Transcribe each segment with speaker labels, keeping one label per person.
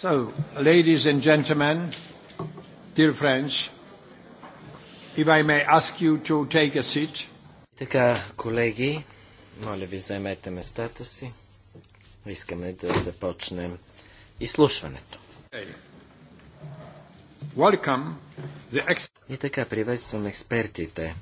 Speaker 1: So, ladies and gentlemen, dear friends, if I may ask you to take a seat. Така, колеги,
Speaker 2: моля ви, займете местата си. Искаме да започнем изслушването. И така, приветствам експертите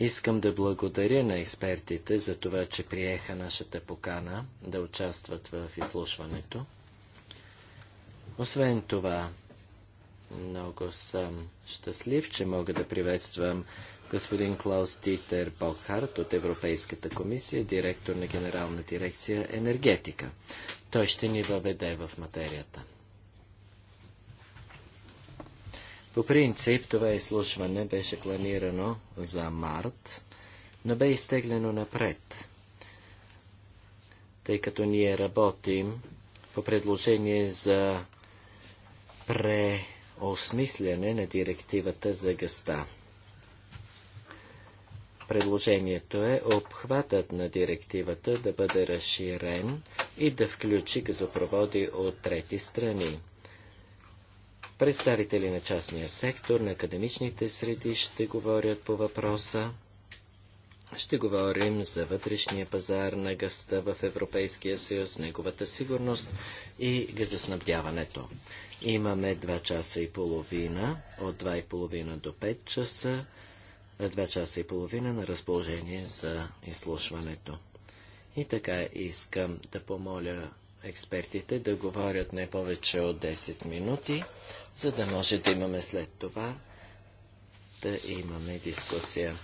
Speaker 2: Искам да благодаря на експертите за това, че приеха нашата покана да участват в изслушването. Освен това, много съм щастлив, че мога да приветствам господин Клаус Титер Бокхарт от Европейската комисия, директор на Генерална дирекция енергетика. Той ще ни въведе в материята. По принцип това изслушване беше планирано за март, но бе изтеглено напред, тъй като ние работим по предложение за преосмисляне на директивата за гъста. Предложението е обхватът на директивата да бъде разширен и да включи газопроводи от трети страни. Представители на частния сектор, на академичните среди ще говорят по въпроса. Ще говорим за вътрешния пазар на гъста в Европейския съюз, неговата сигурност и газоснабдяването. Имаме 2 часа и половина, от 2 и половина до 5 часа, 2 часа и половина на разположение за изслушването. И така искам да помоля експертите да говорят не повече от 10 минути, за да може да имаме след това да имаме дискусия.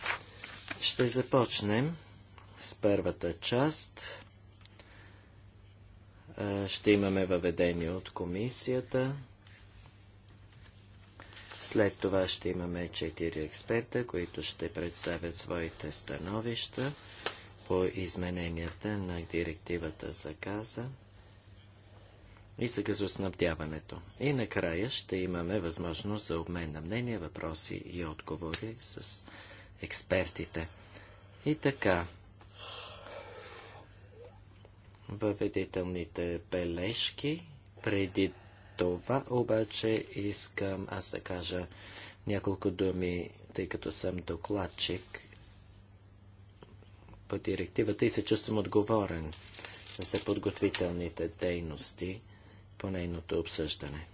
Speaker 2: Ще започнем с първата част. Ще имаме въведение от комисията. След това ще имаме 4 експерта, които ще представят своите становища по измененията на директивата за газа и за газоснабдяването. И накрая ще имаме възможност за обмен на мнения, въпроси и отговори с експертите. И така, въведителните бележки. Преди това обаче искам аз да кажа няколко думи, тъй като съм докладчик по директивата и се чувствам отговорен за подготвителните дейности по нейното обсъждане.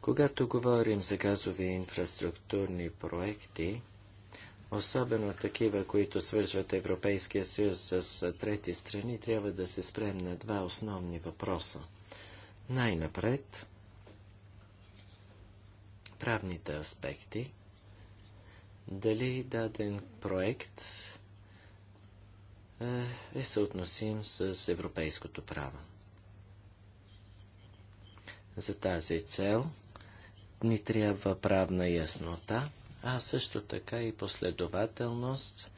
Speaker 2: Когато говорим за газови инфраструктурни проекти, особено такива, които свържват Европейския съюз с трети страни, трябва да се спрем на два основни въпроса. Най-напред правните аспекти. Дали даден проект е, е съотносим с европейското право. За тази цел ни трябва правна яснота, а също така и последователност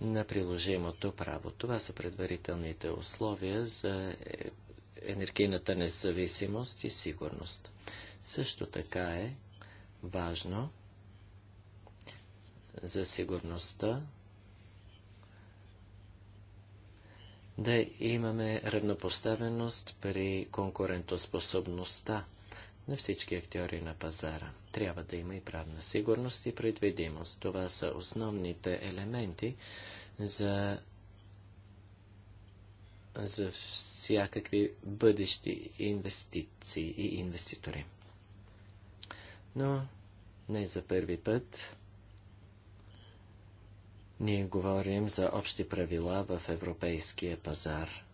Speaker 2: на приложимото право. Това са предварителните условия за е, енергийната независимост и сигурност. Също така е важно за сигурността да имаме равнопоставеност при конкурентоспособността на всички актьори на пазара. Трябва да има и правна сигурност и предвидимост. Това са основните елементи за, за всякакви бъдещи инвестиции и инвеститори. Но не за първи път ние говорим за общи правила в европейския пазар.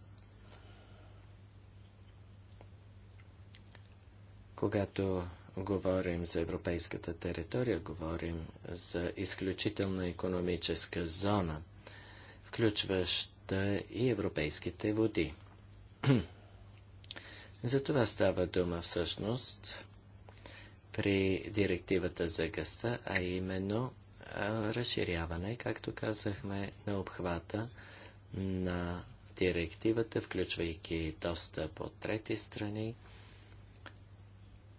Speaker 2: Когато говорим за европейската територия, говорим за изключителна економическа зона, включваща и европейските води. за това става дума всъщност при директивата за гъста, а именно разширяване, както казахме, на обхвата на директивата, включвайки достъп от трети страни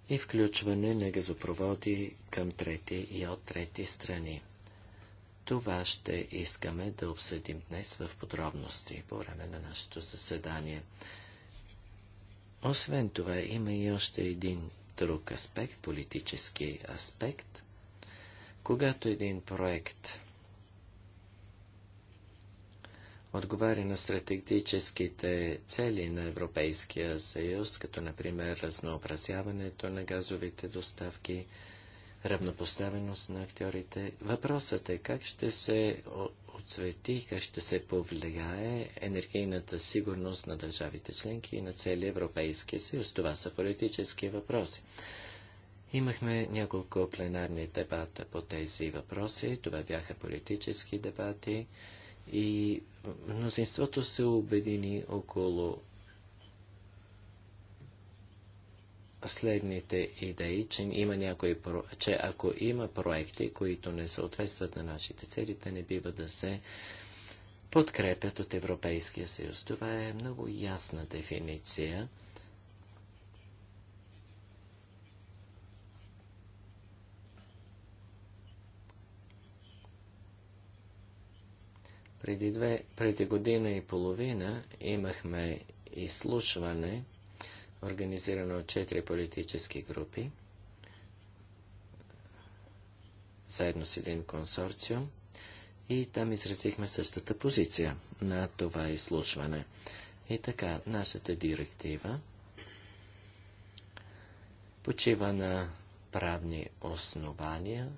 Speaker 2: и включване на газопроводи към трети и от трети страни. Това ще искаме да обсъдим днес в подробности по време на нашето заседание. Освен това, има и още един друг аспект, политически аспект. Когато един проект отговаря на стратегическите цели на Европейския съюз, като например разнообразяването на газовите доставки, равнопоставеност на актьорите. Въпросът е как ще се отсвети, как ще се повлияе енергийната сигурност на държавите членки и на целия Европейския съюз. Това са политически въпроси. Имахме няколко пленарни дебата по тези въпроси. Това бяха политически дебати и мнозинството се обедини около следните идеи, че, има някои, че ако има проекти, които не съответстват на нашите цели, те не бива да се подкрепят от Европейския съюз. Това е много ясна дефиниция Преди, две, преди година и половина имахме изслушване, организирано от четири политически групи, заедно с един консорциум, и там изразихме същата позиция на това изслушване. И така, нашата директива почива на правни основания –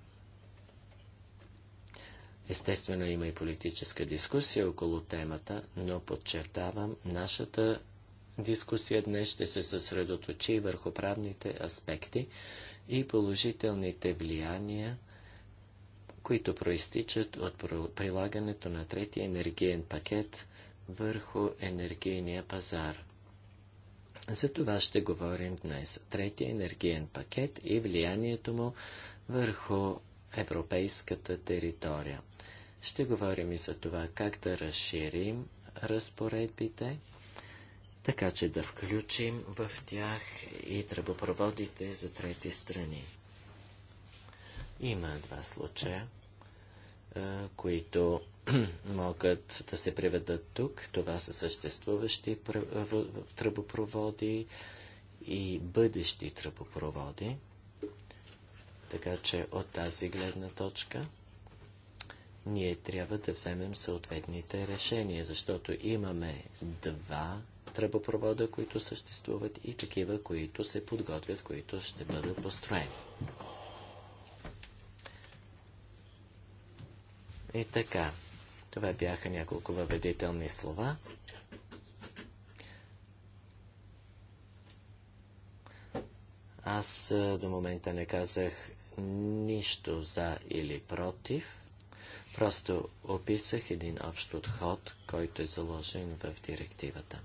Speaker 2: Естествено има и политическа дискусия около темата, но подчертавам, нашата дискусия днес ще се съсредоточи върху правните аспекти и положителните влияния, които проистичат от прилагането на третия енергиен пакет върху енергийния пазар. За това ще говорим днес. Третия енергиен пакет и влиянието му върху европейската територия. Ще говорим и за това как да разширим разпоредбите, така че да включим в тях и тръбопроводите за трети страни. Има два случая, които могат да се приведат тук. Това са съществуващи тръбопроводи и бъдещи тръбопроводи. Така че от тази гледна точка ние трябва да вземем съответните решения, защото имаме два тръбопровода, които съществуват и такива, които се подготвят, които ще бъдат построени. И така, това бяха няколко въведителни слова. Аз до момента не казах нищо за или против. Просто описах един общ подход, който е заложен в директивата.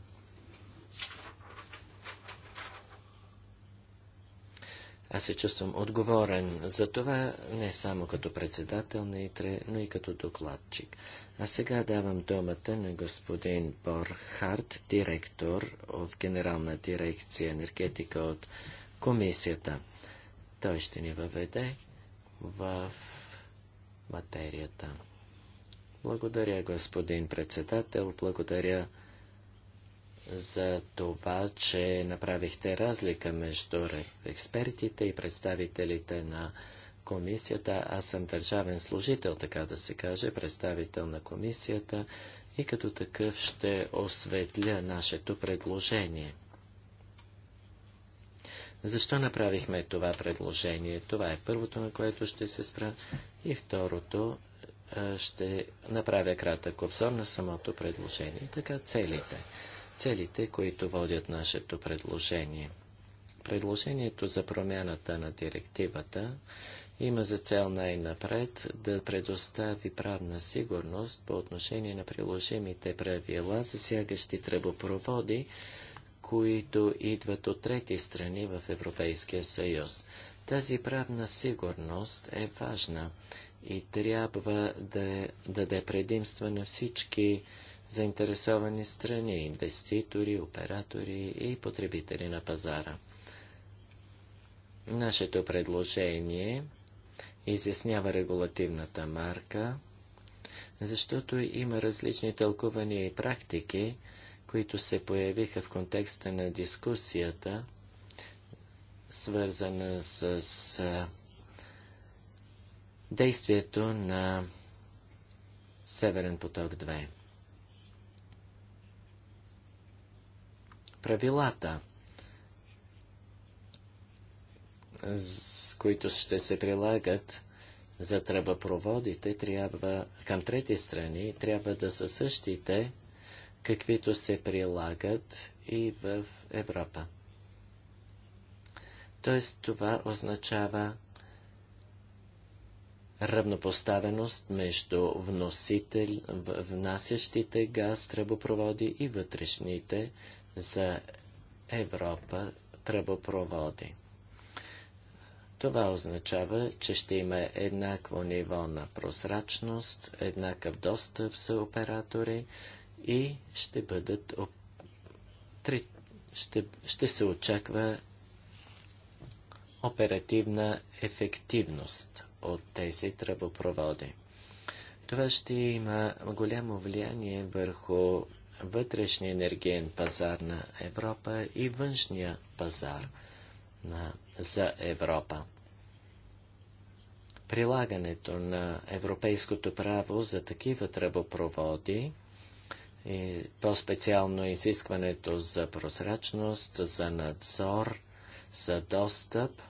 Speaker 2: Аз се чувствам отговорен за това не само като председател на ИТРЕ, но и като докладчик. А сега давам думата на господин Борхарт, директор в Генерална дирекция енергетика от комисията. Той ще ни въведе в материята. Благодаря, господин председател. Благодаря за това, че направихте разлика между експертите и представителите на комисията. Аз съм държавен служител, така да се каже, представител на комисията и като такъв ще осветля нашето предложение. Защо направихме това предложение? Това е първото, на което ще се спра. И второто, ще направя кратък обзор на самото предложение. Така целите. Целите, които водят нашето предложение. Предложението за промяната на директивата има за цел най-напред да предостави правна сигурност по отношение на приложимите правила, засягащи тръбопроводи, които идват от трети страни в Европейския съюз. Тази правна сигурност е важна и трябва да даде предимство на всички заинтересовани страни, инвеститори, оператори и потребители на пазара. Нашето предложение изяснява регулативната марка, защото има различни тълкувания и практики които се появиха в контекста на дискусията, свързана с действието на Северен поток 2. Правилата, с които ще се прилагат за тръбопроводите, трябва, към трети страни, трябва да са същите, каквито се прилагат и в Европа. Тоест това означава равнопоставеност между вносител, внасящите газ, тръбопроводи и вътрешните за Европа тръбопроводи. Това означава, че ще има еднакво ниво на прозрачност, еднакъв достъп за оператори, и ще бъдат ще, ще се очаква оперативна ефективност от тези тръбопроводи. Това ще има голямо влияние върху вътрешния енергиен пазар на Европа и външния пазар на, за Европа. Прилагането на европейското право за такива тръбопроводи – и по-специално изискването за прозрачност, за надзор, за достъп,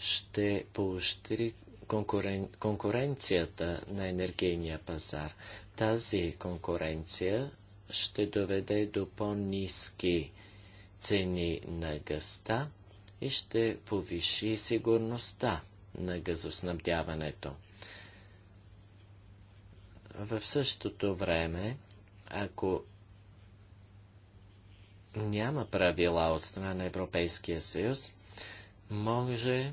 Speaker 2: ще поощри конкурен... конкуренцията на енергийния пазар. Тази конкуренция ще доведе до по-низки цени на гъста и ще повиши сигурността на газоснабдяването. В същото време ако няма правила от страна на Европейския съюз, може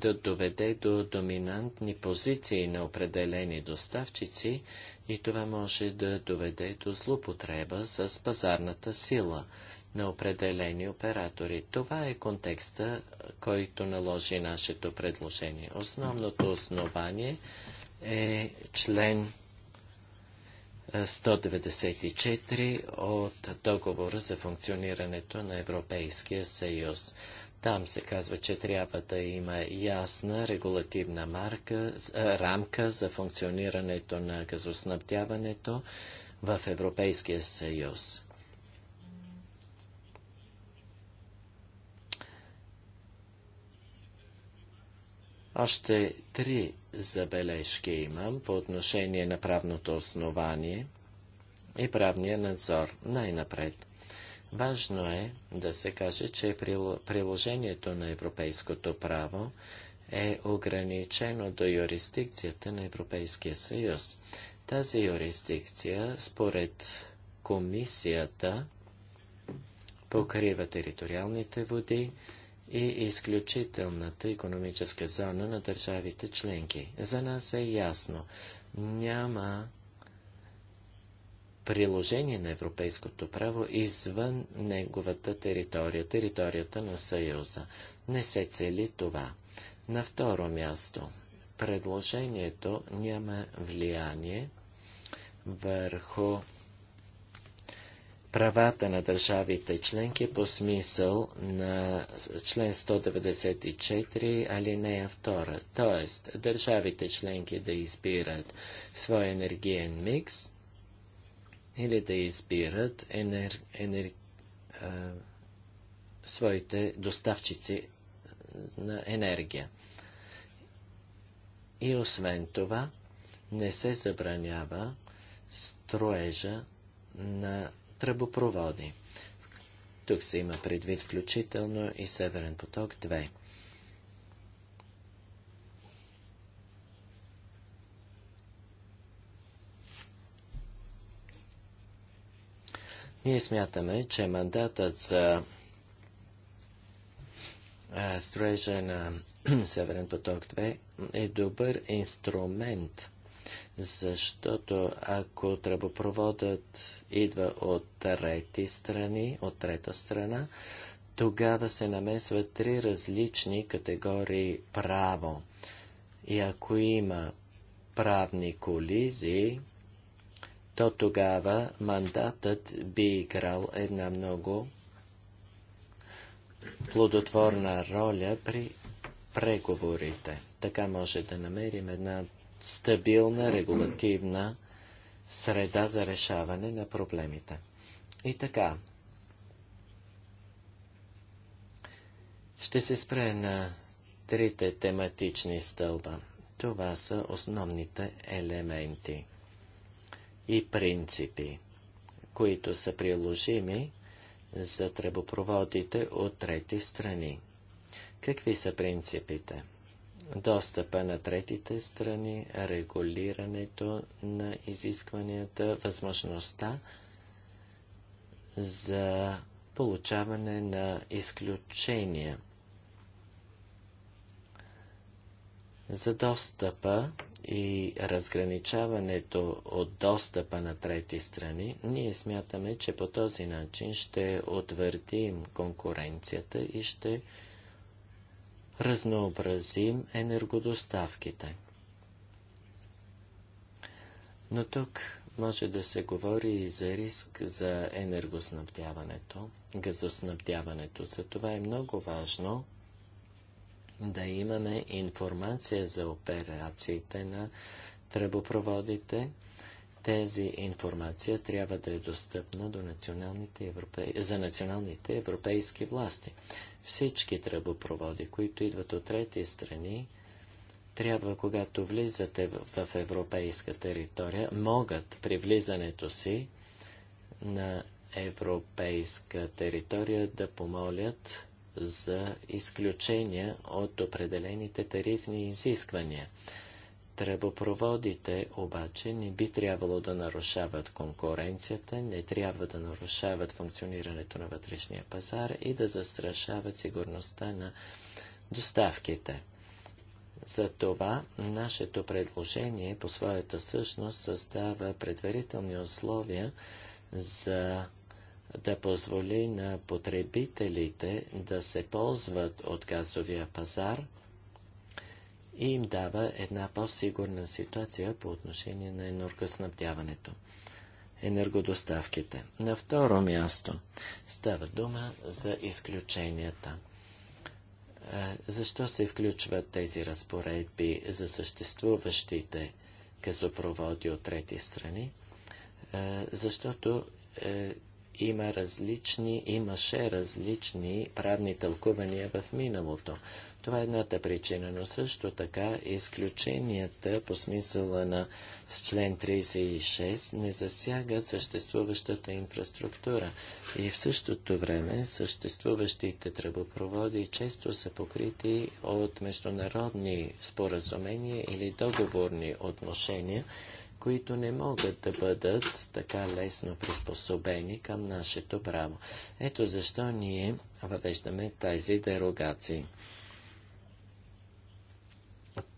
Speaker 2: да доведе до доминантни позиции на определени доставчици и това може да доведе до злопотреба с пазарната сила на определени оператори. Това е контекста, който наложи нашето предложение. Основното основание е член 194 от договора за функционирането на Европейския съюз. Там се казва, че трябва да има ясна регулативна марка, рамка за функционирането на газоснабдяването в Европейския съюз. Още три забележки имам по отношение на правното основание и правния надзор. Най-напред. Важно е да се каже, че приложението на европейското право е ограничено до юрисдикцията на Европейския съюз. Тази юрисдикция, според комисията, покрива териториалните води, и изключителната економическа зона на държавите членки. За нас е ясно, няма приложение на европейското право извън неговата територия, територията на Съюза. Не се цели това. На второ място, предложението няма влияние върху правата на държавите членки по смисъл на член 194 алинея 2. Тоест, държавите членки да избират своя енергиен микс или да избират енер... Енер... А... своите доставчици на енергия. И освен това, не се забранява строежа на тръбопроводи. Тук се има предвид включително и Северен поток 2. Ние смятаме, че мандатът за строежа на Северен поток 2 е добър инструмент, защото ако тръбопроводът идва от трети страни, от трета страна, тогава се намесват три различни категории право. И ако има правни колизии, то тогава мандатът би играл една много плодотворна роля при преговорите. Така може да намерим една стабилна регулативна среда за решаване на проблемите. И така, ще се спре на трите тематични стълба. Това са основните елементи и принципи, които са приложими за тръбопроводите от трети страни. Какви са принципите? достъпа на третите страни, регулирането на изискванията, възможността за получаване на изключения. За достъпа и разграничаването от достъпа на трети страни, ние смятаме, че по този начин ще утвърдим конкуренцията и ще разнообразим енергодоставките. Но тук може да се говори и за риск за енергоснабдяването, газоснабдяването. За това е много важно да имаме информация за операциите на тръбопроводите, тези информация трябва да е достъпна до националните европей... за националните европейски власти. Всички тръбопроводи, които идват от трети страни, трябва, когато влизате в европейска територия, могат при влизането си на европейска територия да помолят за изключения от определените тарифни изисквания. Тръбопроводите обаче не би трябвало да нарушават конкуренцията, не трябва да нарушават функционирането на вътрешния пазар и да застрашават сигурността на доставките. Затова нашето предложение по своята същност създава предварителни условия за да позволи на потребителите да се ползват от газовия пазар – и им дава една по-сигурна ситуация по отношение на енергоснабдяването, енергодоставките. На второ място става дума за изключенията. Е, защо се включват тези разпоредби за съществуващите газопроводи от трети страни? Е, защото е, има различни, имаше различни правни тълкувания в миналото. Това е едната причина, но също така изключенията по смисъла на член 36 не засягат съществуващата инфраструктура и в същото време съществуващите тръбопроводи често са покрити от международни споразумения или договорни отношения, които не могат да бъдат така лесно приспособени към нашето право. Ето защо ние въвеждаме тази дерогации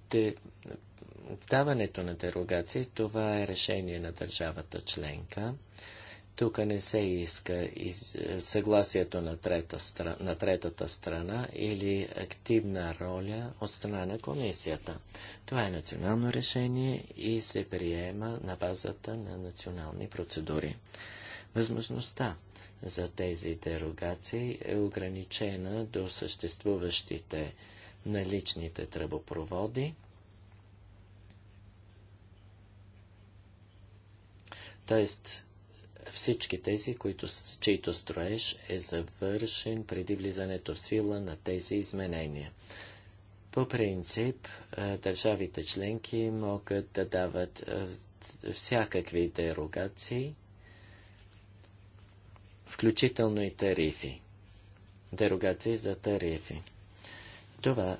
Speaker 2: те, даването на дерогации, това е решение на държавата членка. Тук не се иска из, съгласието на, трета на третата страна или активна роля от страна на комисията. Това е национално решение и се приема на базата на национални процедури. Възможността за тези дерогации е ограничена до съществуващите наличните тръбопроводи. Тоест, всички тези, които, чието строеж е завършен преди влизането в сила на тези изменения. По принцип, е, държавите членки могат да дават е, всякакви дерогации, включително и тарифи. Дерогации за тарифи. Това.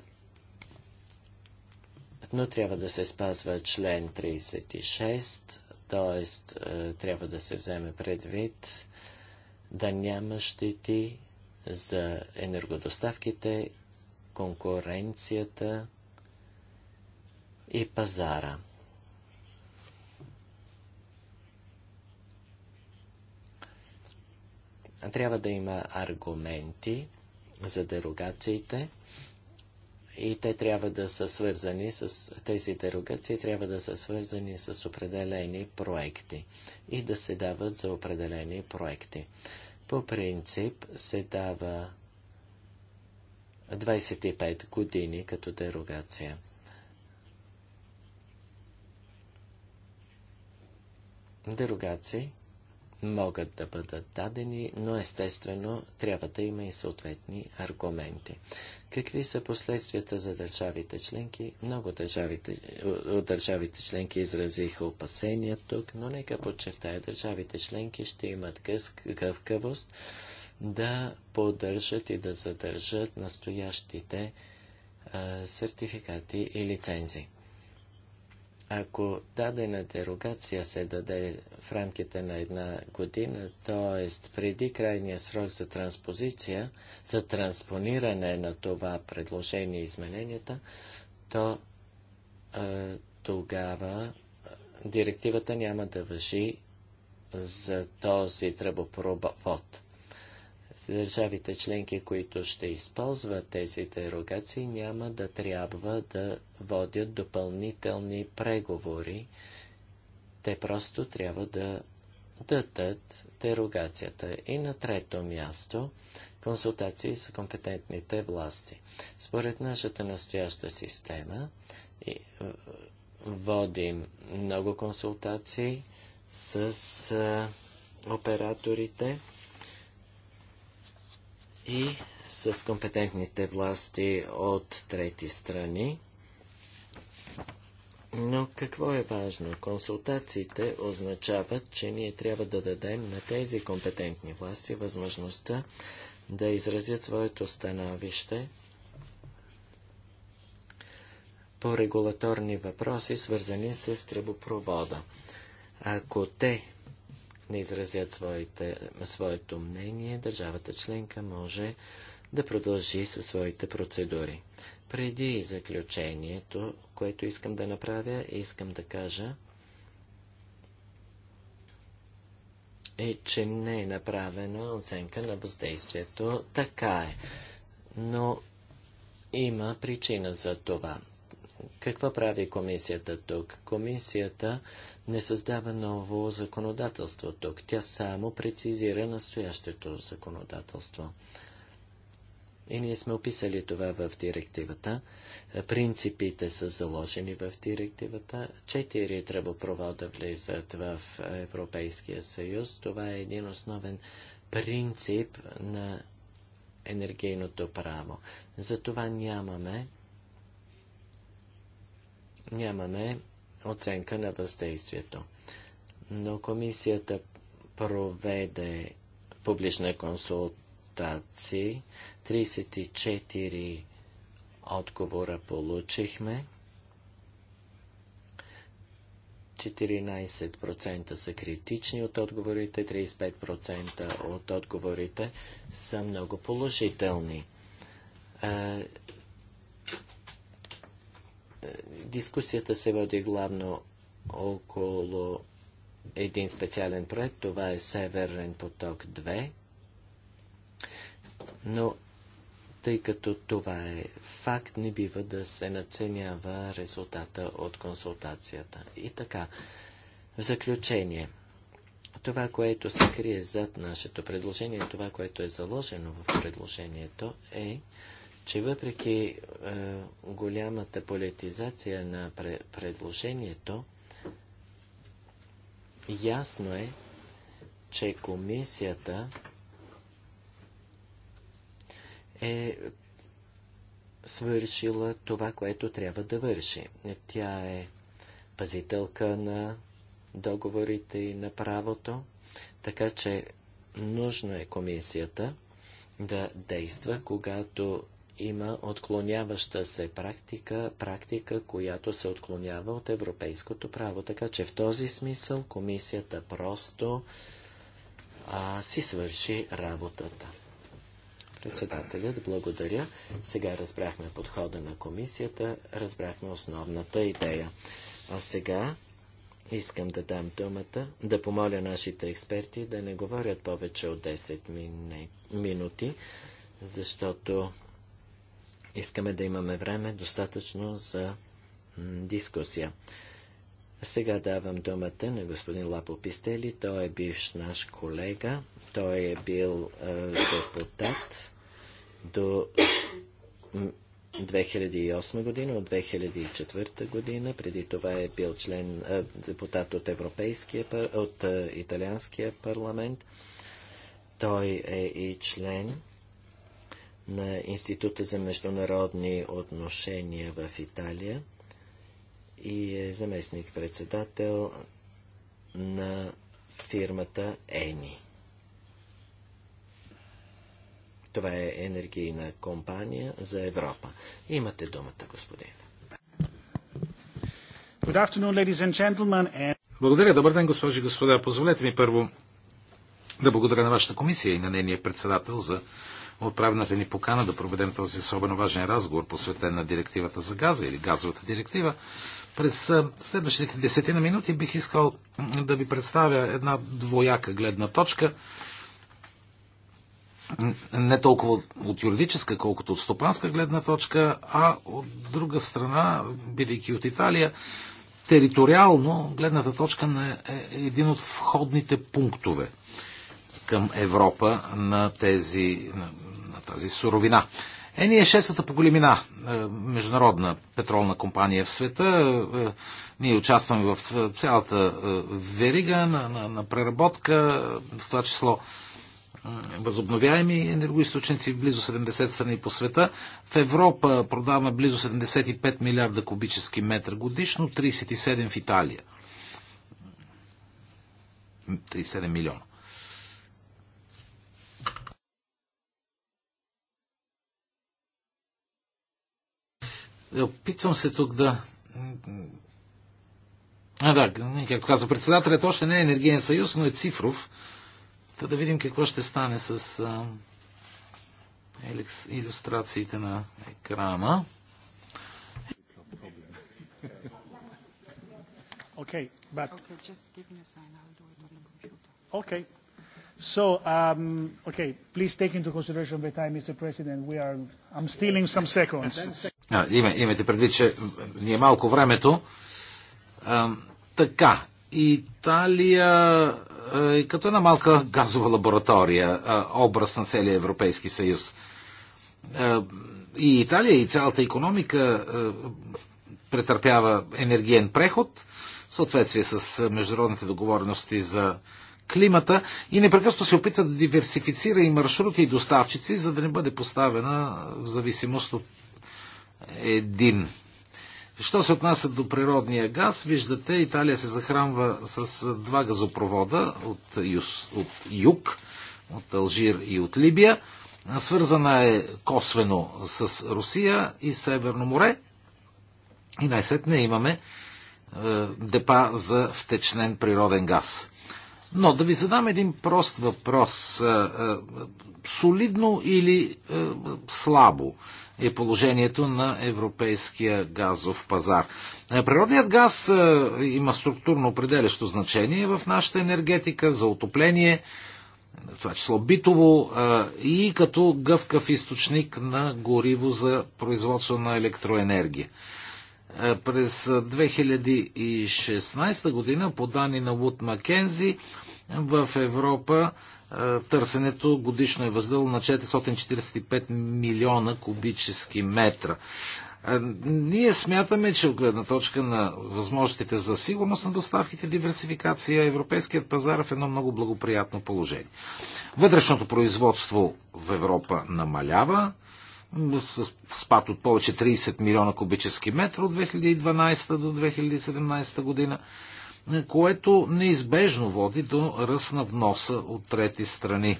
Speaker 2: Но трябва да се спазва член 36, т.е. трябва да се вземе предвид да няма щети за енергодоставките, конкуренцията и пазара. Трябва да има аргументи за дерогациите и те трябва да са свързани с тези дерогации, трябва да са свързани с определени проекти и да се дават за определени проекти. По принцип се дава 25 години като дерогация. Дерогации могат да бъдат дадени, но естествено трябва да има и съответни аргументи. Какви са последствията за държавите членки? Много държавите, от държавите членки изразиха опасения тук, но нека подчертая, държавите членки ще имат гъвкавост да поддържат и да задържат настоящите а, сертификати и лицензии. Ако дадена дерогация се даде в рамките на една година, т.е. преди крайния срок за транспозиция, за транспониране на това предложение и измененията, то е, тогава директивата няма да въжи за този тръбопровод държавите членки, които ще използват тези дерогации, няма да трябва да водят допълнителни преговори. Те просто трябва да дадат дерогацията. И на трето място консултации с компетентните власти. Според нашата настояща система е, водим много консултации с е, операторите и с компетентните власти от трети страни. Но какво е важно? Консултациите означават, че ние трябва да дадем на тези компетентни власти възможността да изразят своето становище по регулаторни въпроси, свързани с тръбопровода. Ако те не изразят своите, своето мнение, държавата членка може да продължи със своите процедури. Преди заключението, което искам да направя, искам да кажа, е, че не е направена оценка на въздействието. Така е. Но има причина за това какво прави комисията тук? Комисията не създава ново законодателство тук. Тя само прецизира настоящето законодателство. И ние сме описали това в директивата. Принципите са заложени в директивата. Четири тръбопровода влизат в Европейския съюз. Това е един основен принцип на енергийното право. Затова нямаме нямаме оценка на въздействието. Но комисията проведе публична консултации. 34 отговора получихме. 14% са критични от отговорите, 35% от отговорите са много положителни. Е, Дискусията се води главно около един специален проект. Това е Северен поток 2. Но тъй като това е факт, не бива да се наценява резултата от консултацията. И така, в заключение, това, което се крие зад нашето предложение, това, което е заложено в предложението е че въпреки е, голямата политизация на предложението, ясно е, че комисията е свършила това, което трябва да върши. Тя е пазителка на договорите и на правото, така че нужно е комисията да действа, когато има отклоняваща се практика, практика, която се отклонява от европейското право. Така че в този смисъл комисията просто а, си свърши работата. Председателят, благодаря. Сега разбрахме подхода на комисията, разбрахме основната идея. А сега искам да дам думата, да помоля нашите експерти да не говорят повече от 10 минути, защото Искаме да имаме време достатъчно за дискусия. Сега давам думата на господин Лапо Пистели. Той е бивш наш колега. Той е бил е, депутат до 2008 година, от 2004 година. Преди това е бил член, е, депутат от, Европейския, от е, Италианския парламент. Той е и член на Института за международни отношения в Италия и е заместник-председател на фирмата ЕНИ. Това е енергийна компания за Европа. Имате думата, господин.
Speaker 1: Благодаря. Добър ден, госпожи и господа. Позволете ми първо да благодаря на вашата комисия и на нейния председател за отправената ни покана да проведем този особено важен разговор, посветен на директивата за газа или газовата директива. През следващите десетина минути бих искал да ви представя една двояка гледна точка, не толкова от юридическа, колкото от стопанска гледна точка, а от друга страна, бидейки от Италия, териториално гледната точка на е един от входните пунктове към Европа на тези тази суровина. Е, ние шестата по големина е, международна петролна компания в света. Е, ние участваме в е, цялата верига на, на, на преработка, в това число възобновяеми енергоисточници в близо 70 страни по света. В Европа продаваме близо 75 милиарда кубически метър годишно, 37 в Италия. 37 милиона. Е, опитвам се тук да. А, да, както казва председателят, още не е енергиен съюз, но е цифров. Та да видим какво ще стане с а, елекс, иллюстрациите на екрана.
Speaker 2: Okay, but... Okay, just give me a sign. I'll do it on
Speaker 1: the computer. Okay. Um, okay, please take into consideration the time, Mr. President. We are, I'm stealing some seconds. Имайте предвид, че ни е малко времето. така, Италия е като една малка газова лаборатория, образ на целия Европейски съюз. и Италия, и цялата економика претърпява енергиен преход в съответствие с международните договорености за а, климата и непрекъснато се опитва да диверсифицира и маршрути и доставчици, за да не бъде поставена в зависимост от един. Що се отнася до природния газ, виждате, Италия се захранва с два газопровода от, Юс, от юг, от Алжир и от Либия. Свързана е косвено с Русия и Северно море. И най-сетне имаме е, депа за втечнен природен газ. Но да ви задам един прост въпрос. Е, е, солидно или е, слабо е положението на европейския газов пазар? Природният газ има структурно определящо значение в нашата енергетика за отопление, в това число битово и като гъвкав източник на гориво за производство на електроенергия. Е, през 2016 е, година, по данни на Wood Маккензи, в Европа е, търсенето годишно е въздело на 445 милиона кубически метра. Ние смятаме, че от гледна точка на възможностите за сигурност на доставките, диверсификация, европейският пазар е в едно много благоприятно положение. Вътрешното производство в Европа намалява, с спад от повече 30 милиона кубически метра от 2012 до 2017 година, което неизбежно води до ръст на вноса от трети страни.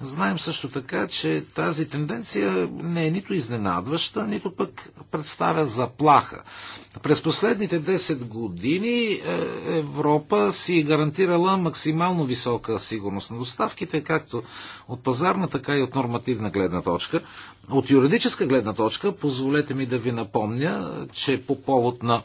Speaker 1: Знаем също така, че тази тенденция не е нито изненадваща, нито пък представя заплаха. През последните 10 години е, Европа си е гарантирала максимално висока сигурност на доставките, както от пазарна, така и от нормативна гледна точка. От юридическа гледна точка, позволете ми да ви напомня, че по повод на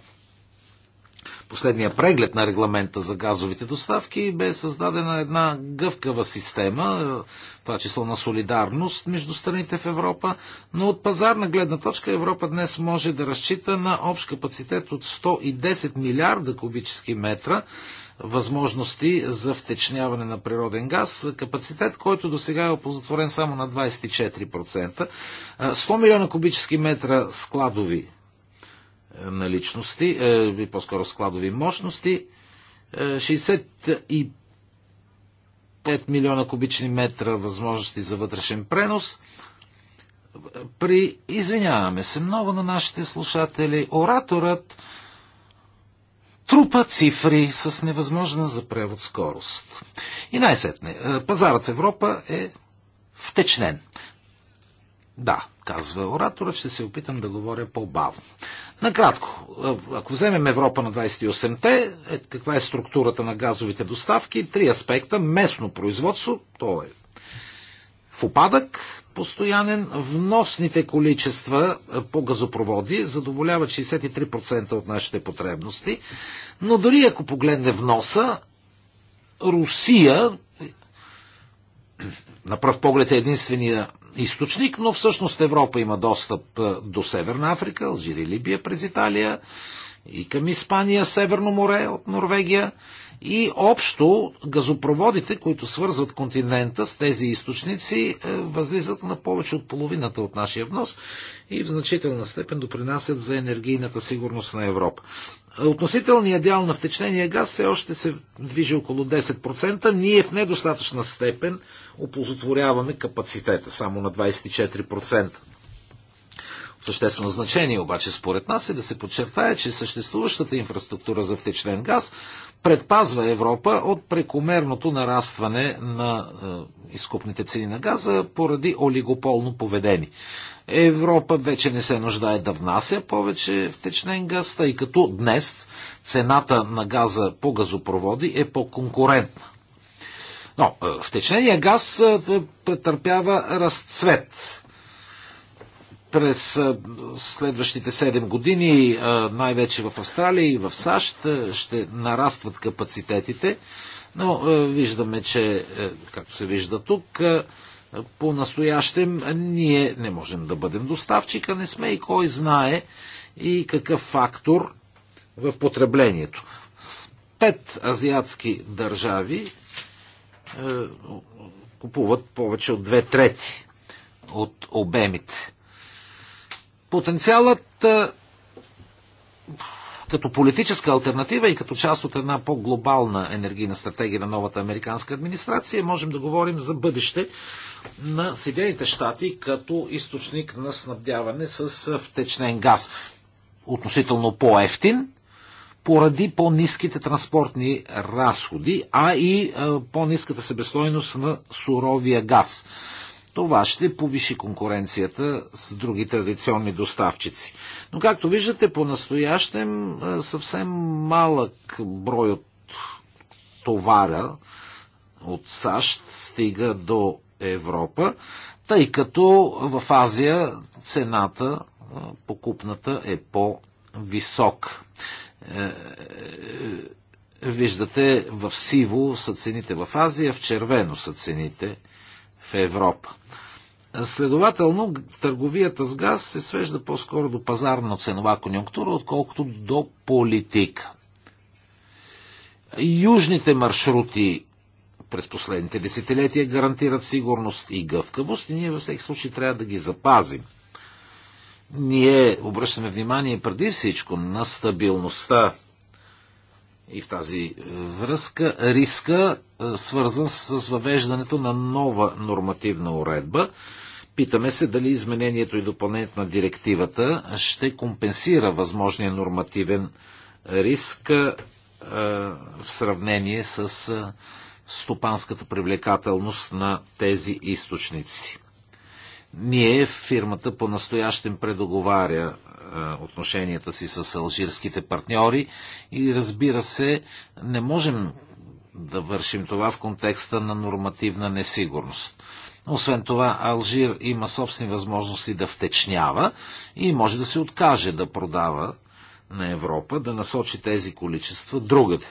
Speaker 1: последния преглед на регламента за газовите доставки бе създадена една гъвкава система, е, това число на солидарност между страните в Европа, но от пазарна гледна точка Европа днес може да разчита на общ капацитет от 110 милиарда кубически метра, възможности за втечняване на природен газ, капацитет, който до сега е опозатворен само на 24%. 100 е, милиона кубически метра складови наличности, е, по-скоро складови мощности. Е, 65 милиона кубични метра възможности за вътрешен пренос. При, извиняваме се много на нашите слушатели, ораторът трупа цифри с невъзможна за превод скорост. И най-сетне, е, пазарът в Европа е втечнен. Да, казва оратора, ще се опитам да говоря по-бавно. Накратко, ако вземем Европа на 28-те, е, каква е структурата на газовите доставки? Три аспекта. Местно производство, то е в опадък, постоянен. Вносните количества по газопроводи задоволяват 63% от нашите потребности. Но дори ако погледне вноса, Русия на пръв поглед е единствения източник, но всъщност Европа има достъп е, до Северна Африка, Алжири, и Либия през Италия и към Испания, Северно море от Норвегия и общо газопроводите, които свързват континента с тези източници, е, възлизат на повече от половината от нашия внос и в значителна степен допринасят за енергийната сигурност на Европа. Относителният дял на втечнения газ все още се движи около 10%. Ние в недостатъчна степен оползотворяваме капацитета само на 24%. Съществено значение обаче според нас е да се подчертае, че съществуващата инфраструктура за втечнен газ предпазва Европа от прекомерното нарастване на е, изкупните цени на газа поради олигополно поведение. Европа вече не се нуждае да внася повече втечнен газ, тъй като днес цената на газа по газопроводи е по-конкурентна. Но е, втечнения газ е, претърпява разцвет през следващите 7 години, най-вече в Австралия и в САЩ, ще нарастват капацитетите, но виждаме, че, както се вижда тук, по-настоящем ние не можем да бъдем доставчика, не сме и кой знае и какъв фактор в потреблението. Пет азиатски държави купуват повече от две трети от обемите Потенциалът като политическа альтернатива и като част от една по-глобална енергийна стратегия на новата американска администрация, можем да говорим за бъдеще на Съединените щати като източник на снабдяване с втечнен газ. Относително по-ефтин, поради по-низките транспортни разходи, а и по-низката себестойност на суровия газ това ще повиши конкуренцията с други традиционни доставчици. Но както виждате, по-настоящем съвсем малък брой от товара от САЩ стига до Европа, тъй като в Азия цената покупната е по-висока. Е, е, е, виждате, в сиво са цените в Азия, в червено са цените в Европа. Следователно, търговията с газ се свежда по-скоро до пазарна ценова конъюнктура, отколкото до политика. Южните маршрути през последните десетилетия гарантират сигурност и гъвкавост и ние във всеки случай трябва да ги запазим. Ние обръщаме внимание преди всичко на стабилността и в тази е, връзка риска, е, свързан с въвеждането на нова нормативна уредба, Питаме се дали изменението и допълнението на директивата ще компенсира възможния нормативен риск е, в сравнение с стопанската привлекателност на тези източници. Ние, фирмата, по-настоящем предоговаря е, отношенията си с алжирските партньори и разбира се, не можем да вършим това в контекста на нормативна несигурност. Освен това, Алжир има собствени възможности да втечнява и може да се откаже да продава на Европа, да насочи тези количества другаде.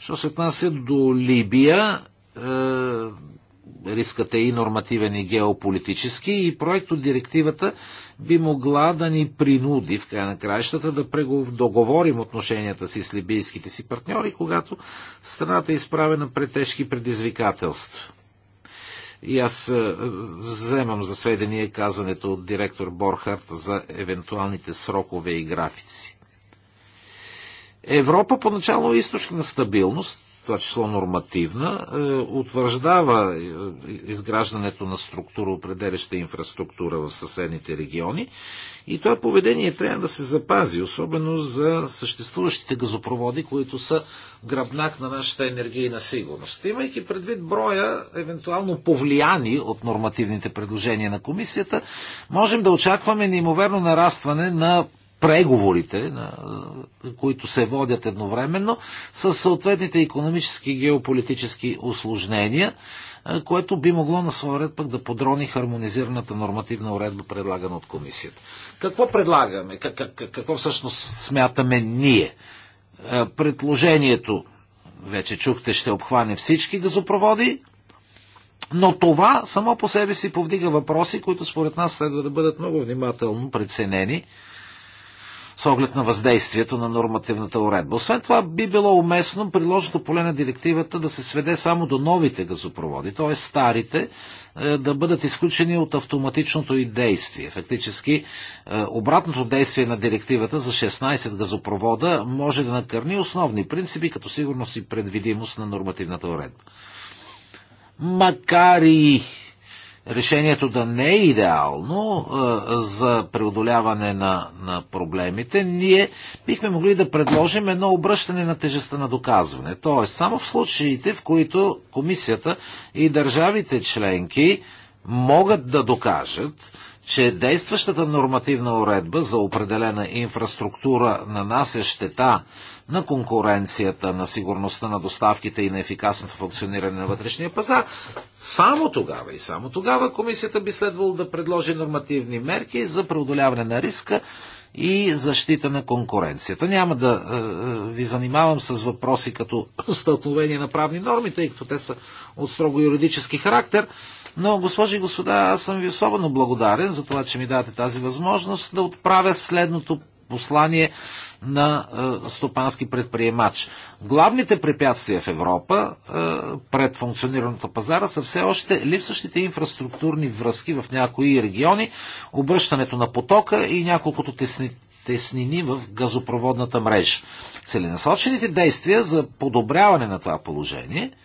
Speaker 1: Що се отнася до Либия, е, рискът е и нормативен и геополитически и проект от директивата би могла да ни принуди в края на краищата да договорим отношенията си с либийските си партньори, когато страната е изправена пред тежки предизвикателства. И аз е, вземам за сведение казането от директор Борхарт за евентуалните срокове и графици. Европа поначало е източна стабилност, това число нормативна, е, утвърждава е, изграждането на структура, определяща инфраструктура в съседните региони и това поведение трябва да се запази, особено за съществуващите газопроводи, които са гръбнак на нашата енергийна сигурност. Имайки предвид броя, евентуално повлияни от нормативните предложения на комисията, можем да очакваме неимоверно нарастване на преговорите, които се водят едновременно, с съответните економически и геополитически осложнения, което би могло на своя ред пък да подрони хармонизираната нормативна уредба, предлагана от комисията. Какво предлагаме? Какво всъщност смятаме ние? Предложението, вече чухте, ще обхване всички газопроводи, но това само по себе си повдига въпроси, които според нас следва да бъдат много внимателно преценени с оглед на въздействието на нормативната уредба. Освен това би било уместно приложното поле на директивата да се сведе само до новите газопроводи, т.е. старите е, да бъдат изключени от автоматичното и действие. Фактически е, обратното действие на директивата за 16 газопровода може да накърни основни принципи като сигурност и предвидимост на нормативната уредба. Макар и решението да не е идеално а, за преодоляване на, на проблемите, ние бихме могли да предложим едно обръщане на тежестта на доказване. Тоест, само в случаите, в които комисията и държавите членки могат да докажат, че действащата нормативна уредба за определена инфраструктура нанася щета на конкуренцията, на сигурността на доставките и на ефикасното функциониране на вътрешния пазар, само тогава и само тогава комисията би следвало да предложи нормативни мерки за преодоляване на риска и защита на конкуренцията. Няма да е, е ви занимавам с въпроси като стълкновение на правни норми, тъй като те са от строго юридически характер, но, госпожи и господа, аз съм ви особено благодарен за това, че ми дадете тази възможност да отправя следното послание на е, стопански предприемач. Главните препятствия в Европа е, пред функционирането пазара са все още липсващите инфраструктурни връзки в някои региони, обръщането на потока и няколкото тесни, теснини в газопроводната мрежа. Целенасочените действия за подобряване на това положение –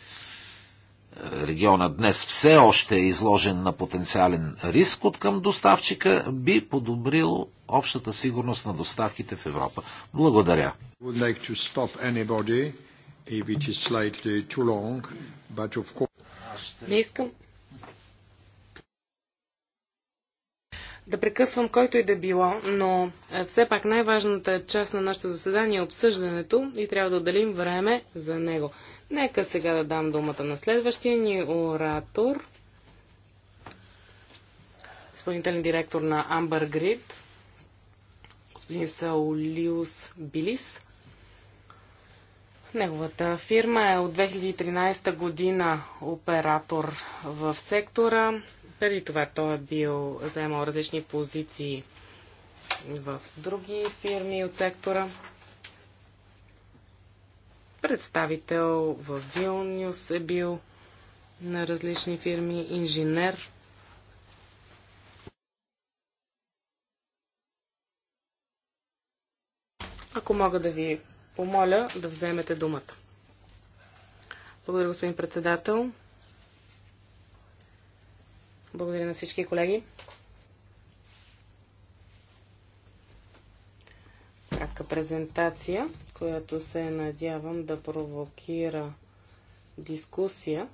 Speaker 1: региона днес все още е изложен на потенциален риск от към доставчика, би подобрило общата сигурност на доставките в Европа. Благодаря.
Speaker 3: Не искам да прекъсвам който и да било, но е, все пак най-важната част на нашето заседание е обсъждането и трябва да отделим време за него. Нека сега да дам думата на следващия ни оратор, изпълнителен директор на Амбър Грид, господин Саулиус Билис. Неговата фирма е от 2013 година оператор в сектора. Преди това той е бил заемал различни позиции в други фирми от сектора представител в Вилнюс е бил на различни фирми, инженер. Ако мога да ви помоля да вземете думата. Благодаря, господин председател. Благодаря на всички колеги. Кратка презентация която се надявам да провокира дискусия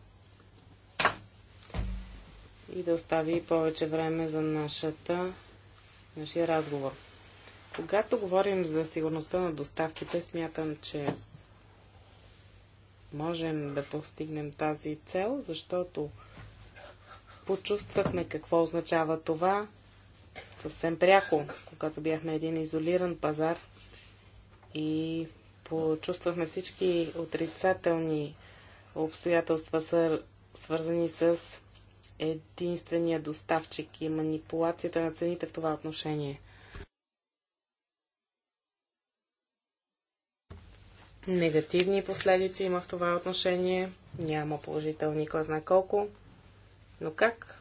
Speaker 3: и да остави повече време за нашата, нашия разговор. Когато говорим за сигурността на доставките, смятам, че можем да постигнем тази цел, защото почувствахме какво означава това съвсем пряко, когато бяхме един изолиран пазар – и почувствахме всички отрицателни обстоятелства, са свързани с единствения доставчик и манипулацията на цените в това отношение. Негативни последици има в това отношение. Няма положителни, кой знае колко. Но как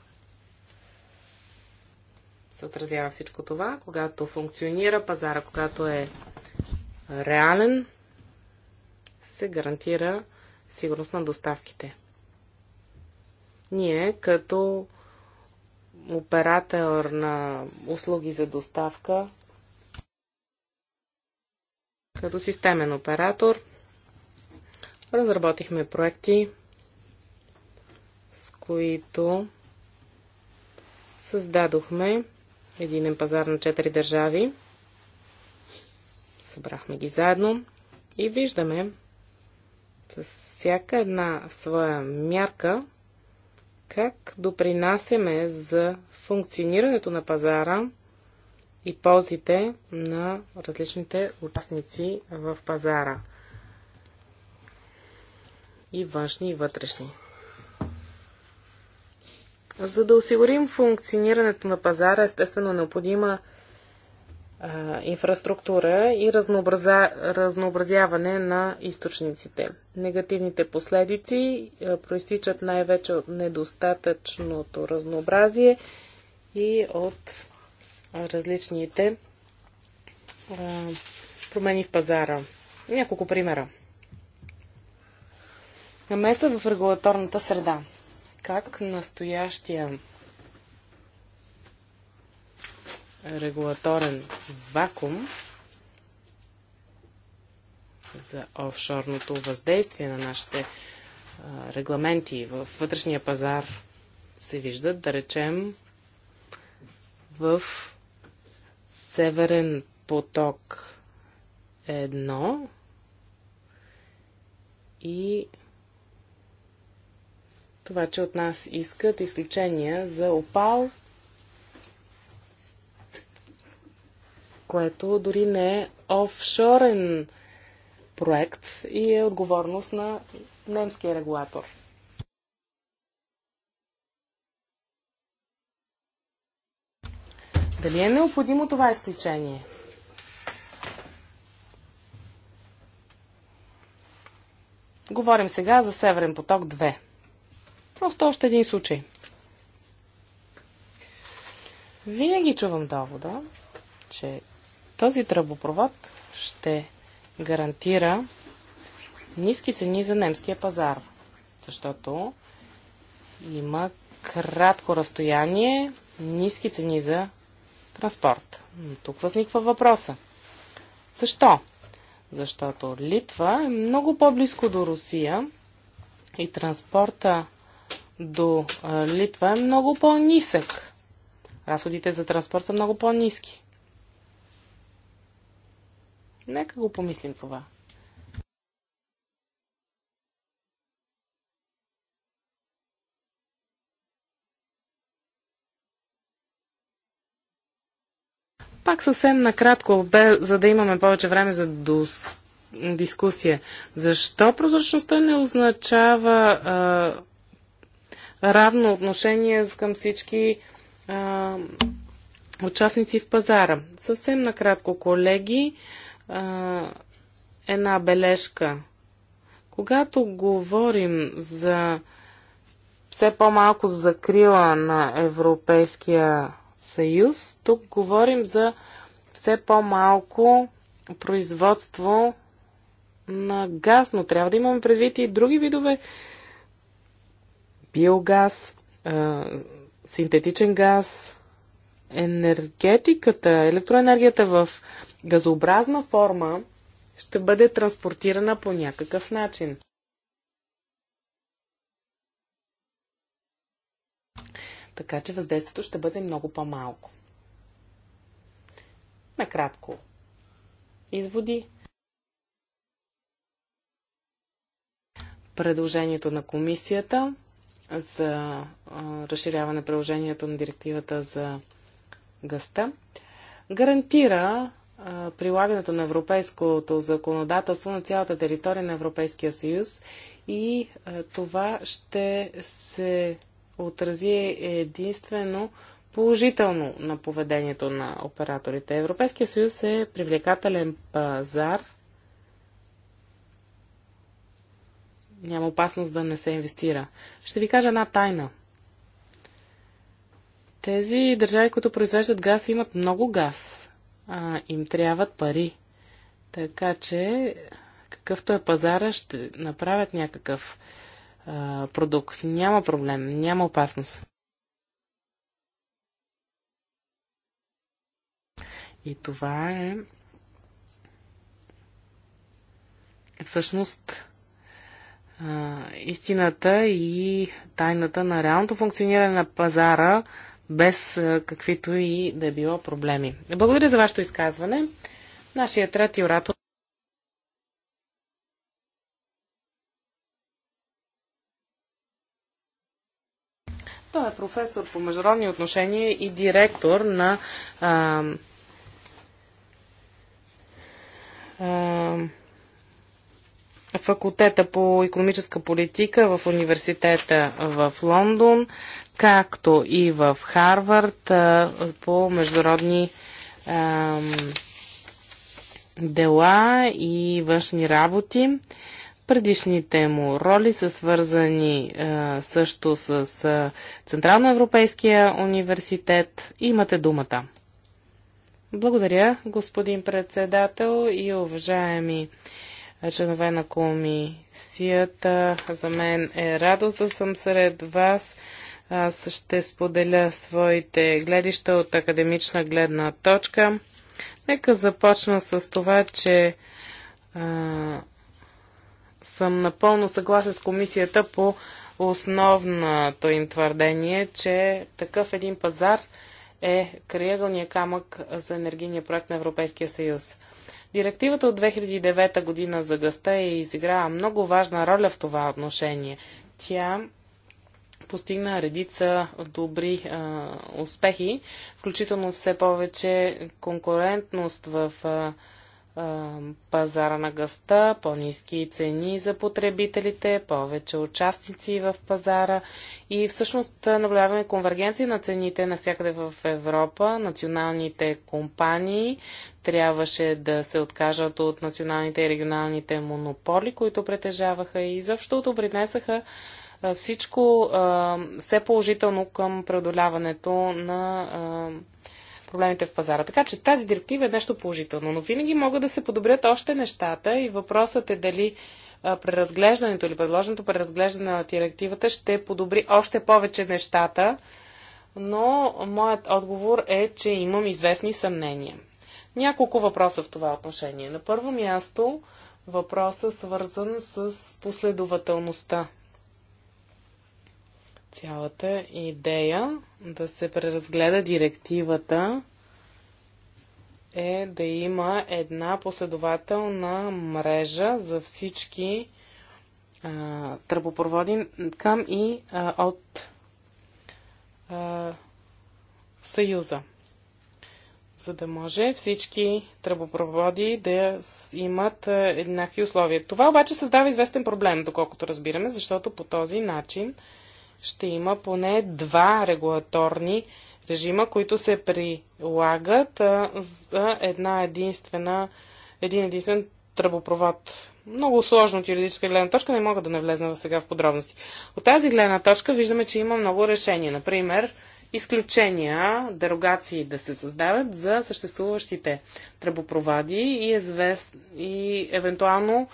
Speaker 3: се отразява всичко това, когато функционира пазара, когато е реален, се гарантира сигурност на доставките. Ние, като оператор на услуги за доставка, като системен оператор, разработихме проекти, с които създадохме единен пазар на 4 държави Събрахме ги заедно и виждаме с всяка една своя мярка как допринасяме за функционирането на пазара и ползите на различните участници в пазара. И външни, и вътрешни. За да осигурим функционирането на пазара, естествено необходима инфраструктура и разнообраза, разнообразяване на източниците. Негативните последици проистичат най-вече от недостатъчното разнообразие и от различните промени в пазара. Няколко примера. Намеса в регулаторната среда. Как настоящия регулаторен вакуум за офшорното въздействие на нашите регламенти в вътрешния пазар се виждат, да речем, в Северен поток 1 и това, че от нас искат изключения за опал, което дори не е офшорен проект и е отговорност на немския регулатор. Дали е необходимо това изключение? Говорим сега за Северен поток 2. Просто още един случай. Винаги чувам довода, че този тръбопровод ще гарантира ниски цени за немския пазар, защото има кратко разстояние, ниски цени за транспорт. Но тук възниква въпроса. Защо? Защото Литва е много по-близко до Русия и транспорта до Литва е много по-нисък. Разходите за транспорт са много по-низки. Нека го помислим това. Пак съвсем накратко, бе, за да имаме повече време за дос... дискусия. Защо прозрачността не означава а, равно отношение към всички а, участници в пазара? Съвсем накратко, колеги, а, една бележка. Когато говорим за все по-малко закрила на Европейския съюз, тук говорим за все по-малко производство на газ, но трябва да имаме предвид и други видове биогаз, синтетичен газ, енергетиката, електроенергията в газообразна форма ще бъде транспортирана по някакъв начин. Така че въздействието ще бъде много по-малко. Накратко. Изводи. Предложението на комисията за разширяване приложението на директивата за гъста гарантира прилагането на европейското законодателство на цялата територия на Европейския съюз и това ще се отрази единствено положително на поведението на операторите. Европейския съюз е привлекателен пазар. Няма опасност да не се инвестира. Ще ви кажа една тайна. Тези държави, които произвеждат газ, имат много газ а, им трябват пари. Така че, какъвто е пазара, ще направят някакъв а, продукт. Няма проблем, няма опасност. И това е всъщност истината и тайната на реалното функциониране на пазара без каквито и да е било проблеми. Благодаря за вашето изказване. Нашия трети оратор. Той е професор по международни отношения и директор на а, а, факултета по економическа политика в университета в Лондон, както и в Харвард по международни дела и външни работи. Предишните му роли са свързани също с а, Централноевропейския университет. Имате думата. Благодаря, господин председател и уважаеми членове на комисията. За мен е радост да съм сред вас. Аз ще споделя своите гледища от академична гледна точка. Нека започна с това, че а, съм напълно съгласен с комисията по основното им твърдение, че такъв един пазар е краягълния камък за енергийния проект на Европейския съюз. Директивата от 2009 година за гъста е изиграла много важна роля в това отношение. Тя постигна редица добри а, успехи, включително все повече конкурентност в а, пазара на гъста, по-низки цени за потребителите, повече участници в пазара и всъщност наблюдаваме конвергенция на цените навсякъде в Европа. Националните компании трябваше да се откажат от националните и регионалните монополи, които притежаваха и защото принесаха всичко все положително към преодоляването на проблемите в пазара. Така че тази директива е нещо положително, но винаги могат да се подобрят още нещата и въпросът е дали преразглеждането или предложеното преразглеждане на директивата ще подобри още повече нещата, но моят отговор е, че имам известни съмнения. Няколко въпроса в това отношение. На първо място въпроса свързан с последователността. Цялата идея да се преразгледа директивата е да има една последователна мрежа за всички а, тръбопроводи към и а, от а, Съюза, за да може всички тръбопроводи да имат а, еднакви условия. Това обаче създава известен проблем, доколкото разбираме, защото по този начин ще има поне два регулаторни режима, които се прилагат а, за една единствена, един единствен тръбопровод. Много сложно от юридическа гледна точка, не мога да не влезна сега в подробности. От тази гледна точка виждаме, че има много решения. Например, изключения, дерогации да се създават за съществуващите тръбопроводи и, извест... Е и евентуално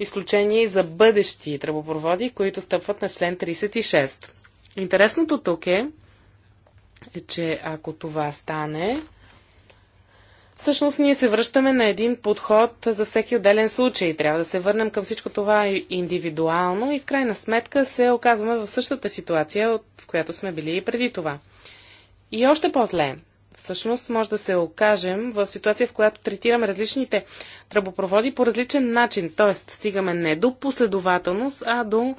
Speaker 3: изключение и за бъдещи тръбопроводи, които стъпват на член 36. Интересното тук е, е, че ако това стане, всъщност ние се връщаме на един подход за всеки отделен случай. Трябва да се върнем към всичко това индивидуално и в крайна сметка се оказваме в същата ситуация, в която сме били и преди това. И още по-зле, всъщност може да се окажем в ситуация, в която третираме различните тръбопроводи по различен начин. Тоест, стигаме не до последователност, а до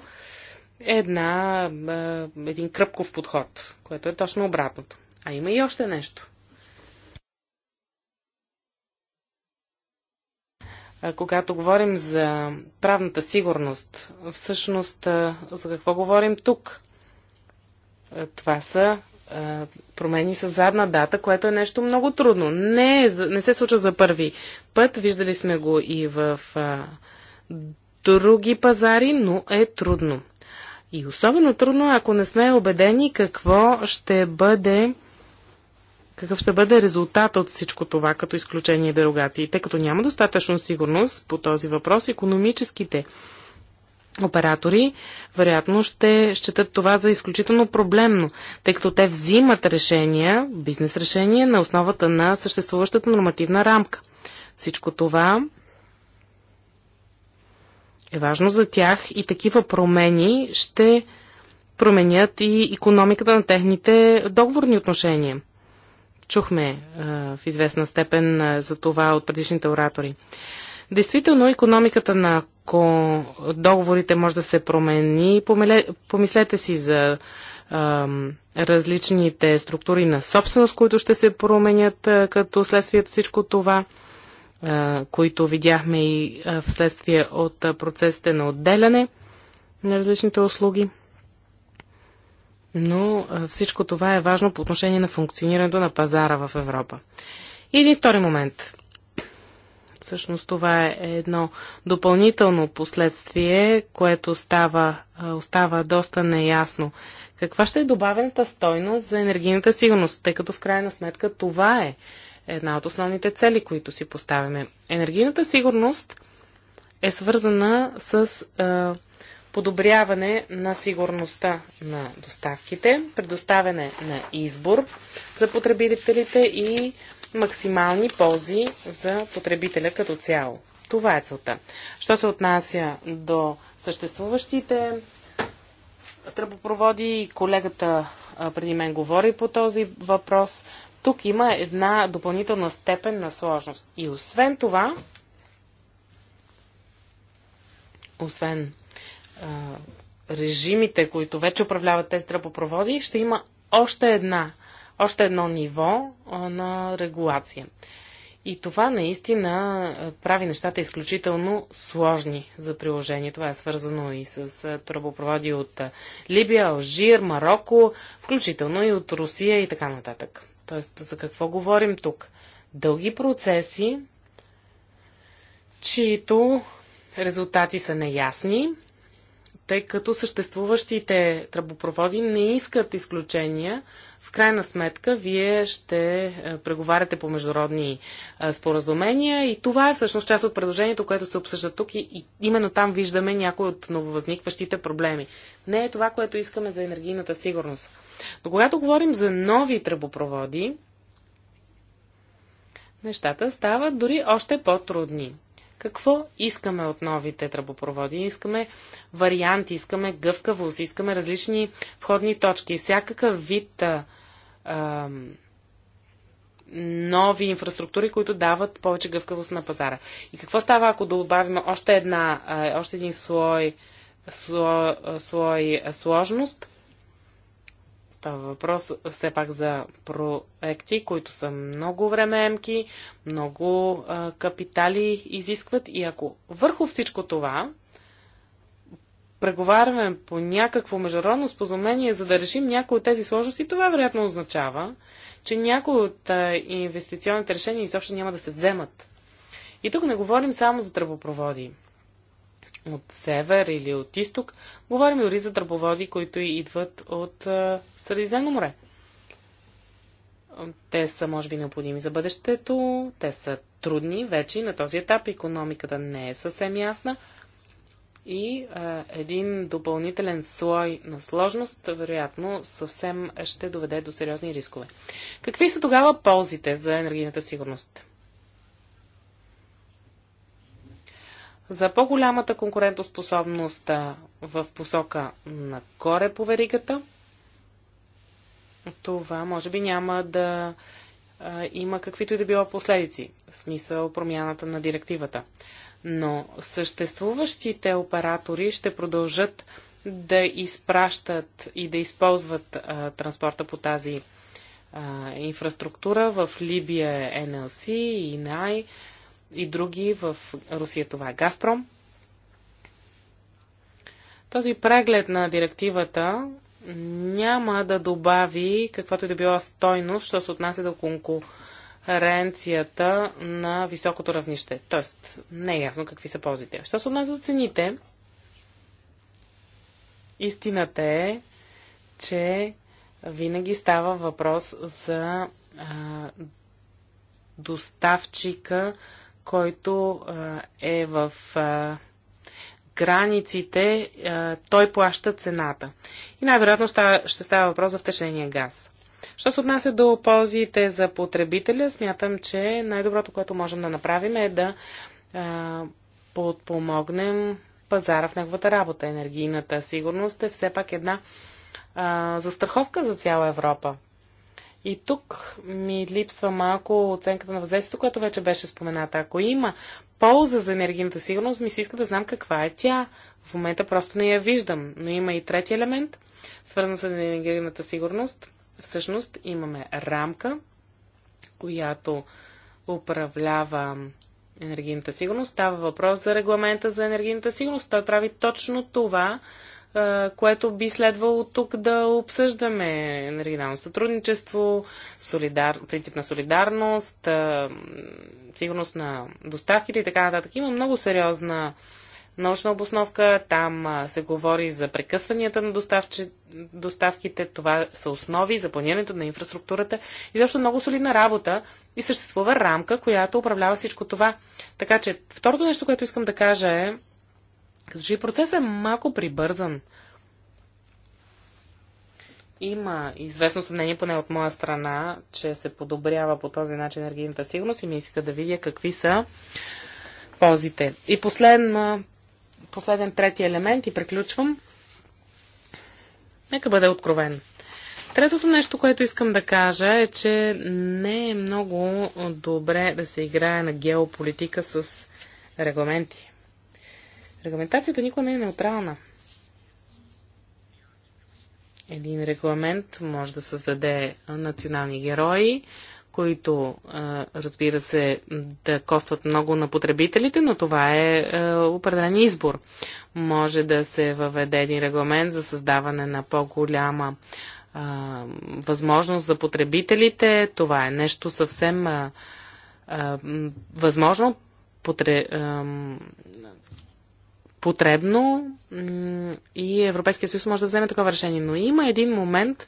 Speaker 3: една, един кръпков подход, което е точно обратното. А има и още нещо. Когато говорим за правната сигурност, всъщност за какво говорим тук? Това са промени с задна дата, което е нещо много трудно. Не, е не се случва за първи път. Виждали сме го и в а, други пазари, но е трудно. И особено трудно, ако не сме убедени какво ще бъде какъв ще бъде резултат от всичко това като изключение и дерогации. Тъй като няма достатъчно сигурност по този въпрос, економическите оператори, вероятно ще считат това за изключително проблемно, тъй като те взимат решения, бизнес решения, на основата на съществуващата нормативна рамка. Всичко това е важно за тях и такива промени ще променят и економиката на техните договорни отношения. Чухме е, в известна степен е, за това от предишните оратори. Действително, економиката на договорите може да се промени. Помислете си за различните структури на собственост, които ще се променят като следствие от всичко това, които видяхме и вследствие от процесите на отделяне на различните услуги. Но всичко това е важно по отношение на функционирането на пазара в Европа. И един втори момент. Всъщност това е едно допълнително последствие, което става, остава доста неясно. Каква ще е добавената стойност за енергийната сигурност, тъй като в крайна сметка това е една от основните цели, които си поставяме. Енергийната сигурност е свързана с а, подобряване на сигурността на доставките, предоставяне на избор за потребителите и максимални ползи за потребителя като цяло. Това е целта. Що се отнася до съществуващите тръбопроводи, колегата преди мен говори по този въпрос, тук има една допълнителна степен на сложност. И освен това, освен режимите, които вече управляват тези тръбопроводи, ще има още една още едно ниво на регулация. И това наистина прави нещата изключително сложни за приложение. Това е свързано и с тръбопроводи от Либия, Алжир, Марокко, включително и от Русия и така нататък. Тоест, за какво говорим тук? Дълги процеси, чието резултати са неясни, тъй като съществуващите тръбопроводи не искат изключения. В крайна сметка, вие ще е, преговаряте по международни е, споразумения и това е всъщност част от предложението, което се обсъжда тук и, именно там виждаме някои от нововъзникващите проблеми. Не е това, което искаме за енергийната сигурност. Но когато говорим за нови тръбопроводи, нещата стават дори още по-трудни. Какво искаме от новите тръбопроводи? Искаме варианти, искаме гъвкавост, искаме различни входни точки. Всякакъв вид а, а, нови инфраструктури, които дават повече гъвкавост на пазара. И какво става, ако добавим още, една, а, още един слой, слой, слой сложност? Става въпрос все пак за проекти, които са много времеемки, много а, капитали изискват и ако върху всичко това преговаряме по някакво международно споразумение, за да решим някои от тези сложности, това вероятно означава, че някои от а, инвестиционните решения изобщо няма да се вземат. И тук не говорим само за тръбопроводи от север или от изток. Говорим дори за дърбоводи, които идват от Средиземно море. Те са, може би, необходими за бъдещето. Те са трудни вече на този етап. Економиката не е съвсем ясна. И а, един допълнителен слой на сложност, вероятно, съвсем ще доведе до сериозни рискове. Какви са тогава ползите за енергийната сигурност? за по-голямата конкурентоспособност в посока нагоре по веригата, това може би няма да а, има каквито и да било последици, в смисъл промяната на директивата. Но съществуващите оператори ще продължат да изпращат и да използват а, транспорта по тази а, инфраструктура. В Либия е НЛС NLC и NAI и други в Русия. Това е Газпром. Този преглед на директивата няма да добави каквато и да била стойност, що се отнася до конкуренцията на високото равнище. Тоест, не е ясно какви са ползите. Що се отнася до цените, истината е, че винаги става въпрос за а, доставчика който е в границите, той плаща цената. И най-вероятно ще става въпрос за втечнения газ. Що се отнася до ползите за потребителя, смятам, че най-доброто, което можем да направим е да а, подпомогнем пазара в неговата работа. Енергийната сигурност е все пак една а, застраховка за цяла Европа. И тук ми липсва малко оценката на въздействието, което вече беше спомената. Ако има полза за енергийната сигурност, ми се иска да знам каква е тя. В момента просто не я виждам. Но има и трети елемент, свързан с енергийната сигурност. Всъщност имаме рамка, която управлява енергийната сигурност. Става въпрос за регламента за енергийната сигурност. Той прави точно това, което би следвало тук да обсъждаме. на Регионално сътрудничество, солидар... принцип на солидарност, сигурност на доставките и така нататък. Има много сериозна научна обосновка. Там се говори за прекъсванията на доставчи... доставките. Това са основи за планирането на инфраструктурата. И защо много солидна работа и съществува рамка, която управлява всичко това. Така че, второто нещо, което искам да кажа е, като че процесът е малко прибързан. Има известно съмнение, поне от моя страна, че се подобрява по този начин енергийната сигурност и ми иска да видя какви са ползите. И последен, последен трети елемент и приключвам. Нека бъде откровен. Третото нещо, което искам да кажа е, че не е много добре да се играе на геополитика с регламенти. Регламентацията никога не е неутрална. Един регламент може да създаде национални герои, които, разбира се, да костват много на потребителите, но това е определен избор. Може да се въведе един регламент за създаване на по-голяма възможност за потребителите. Това е нещо съвсем възможно. Потре, потребно и Европейския съюз може да вземе такова решение. Но има един момент,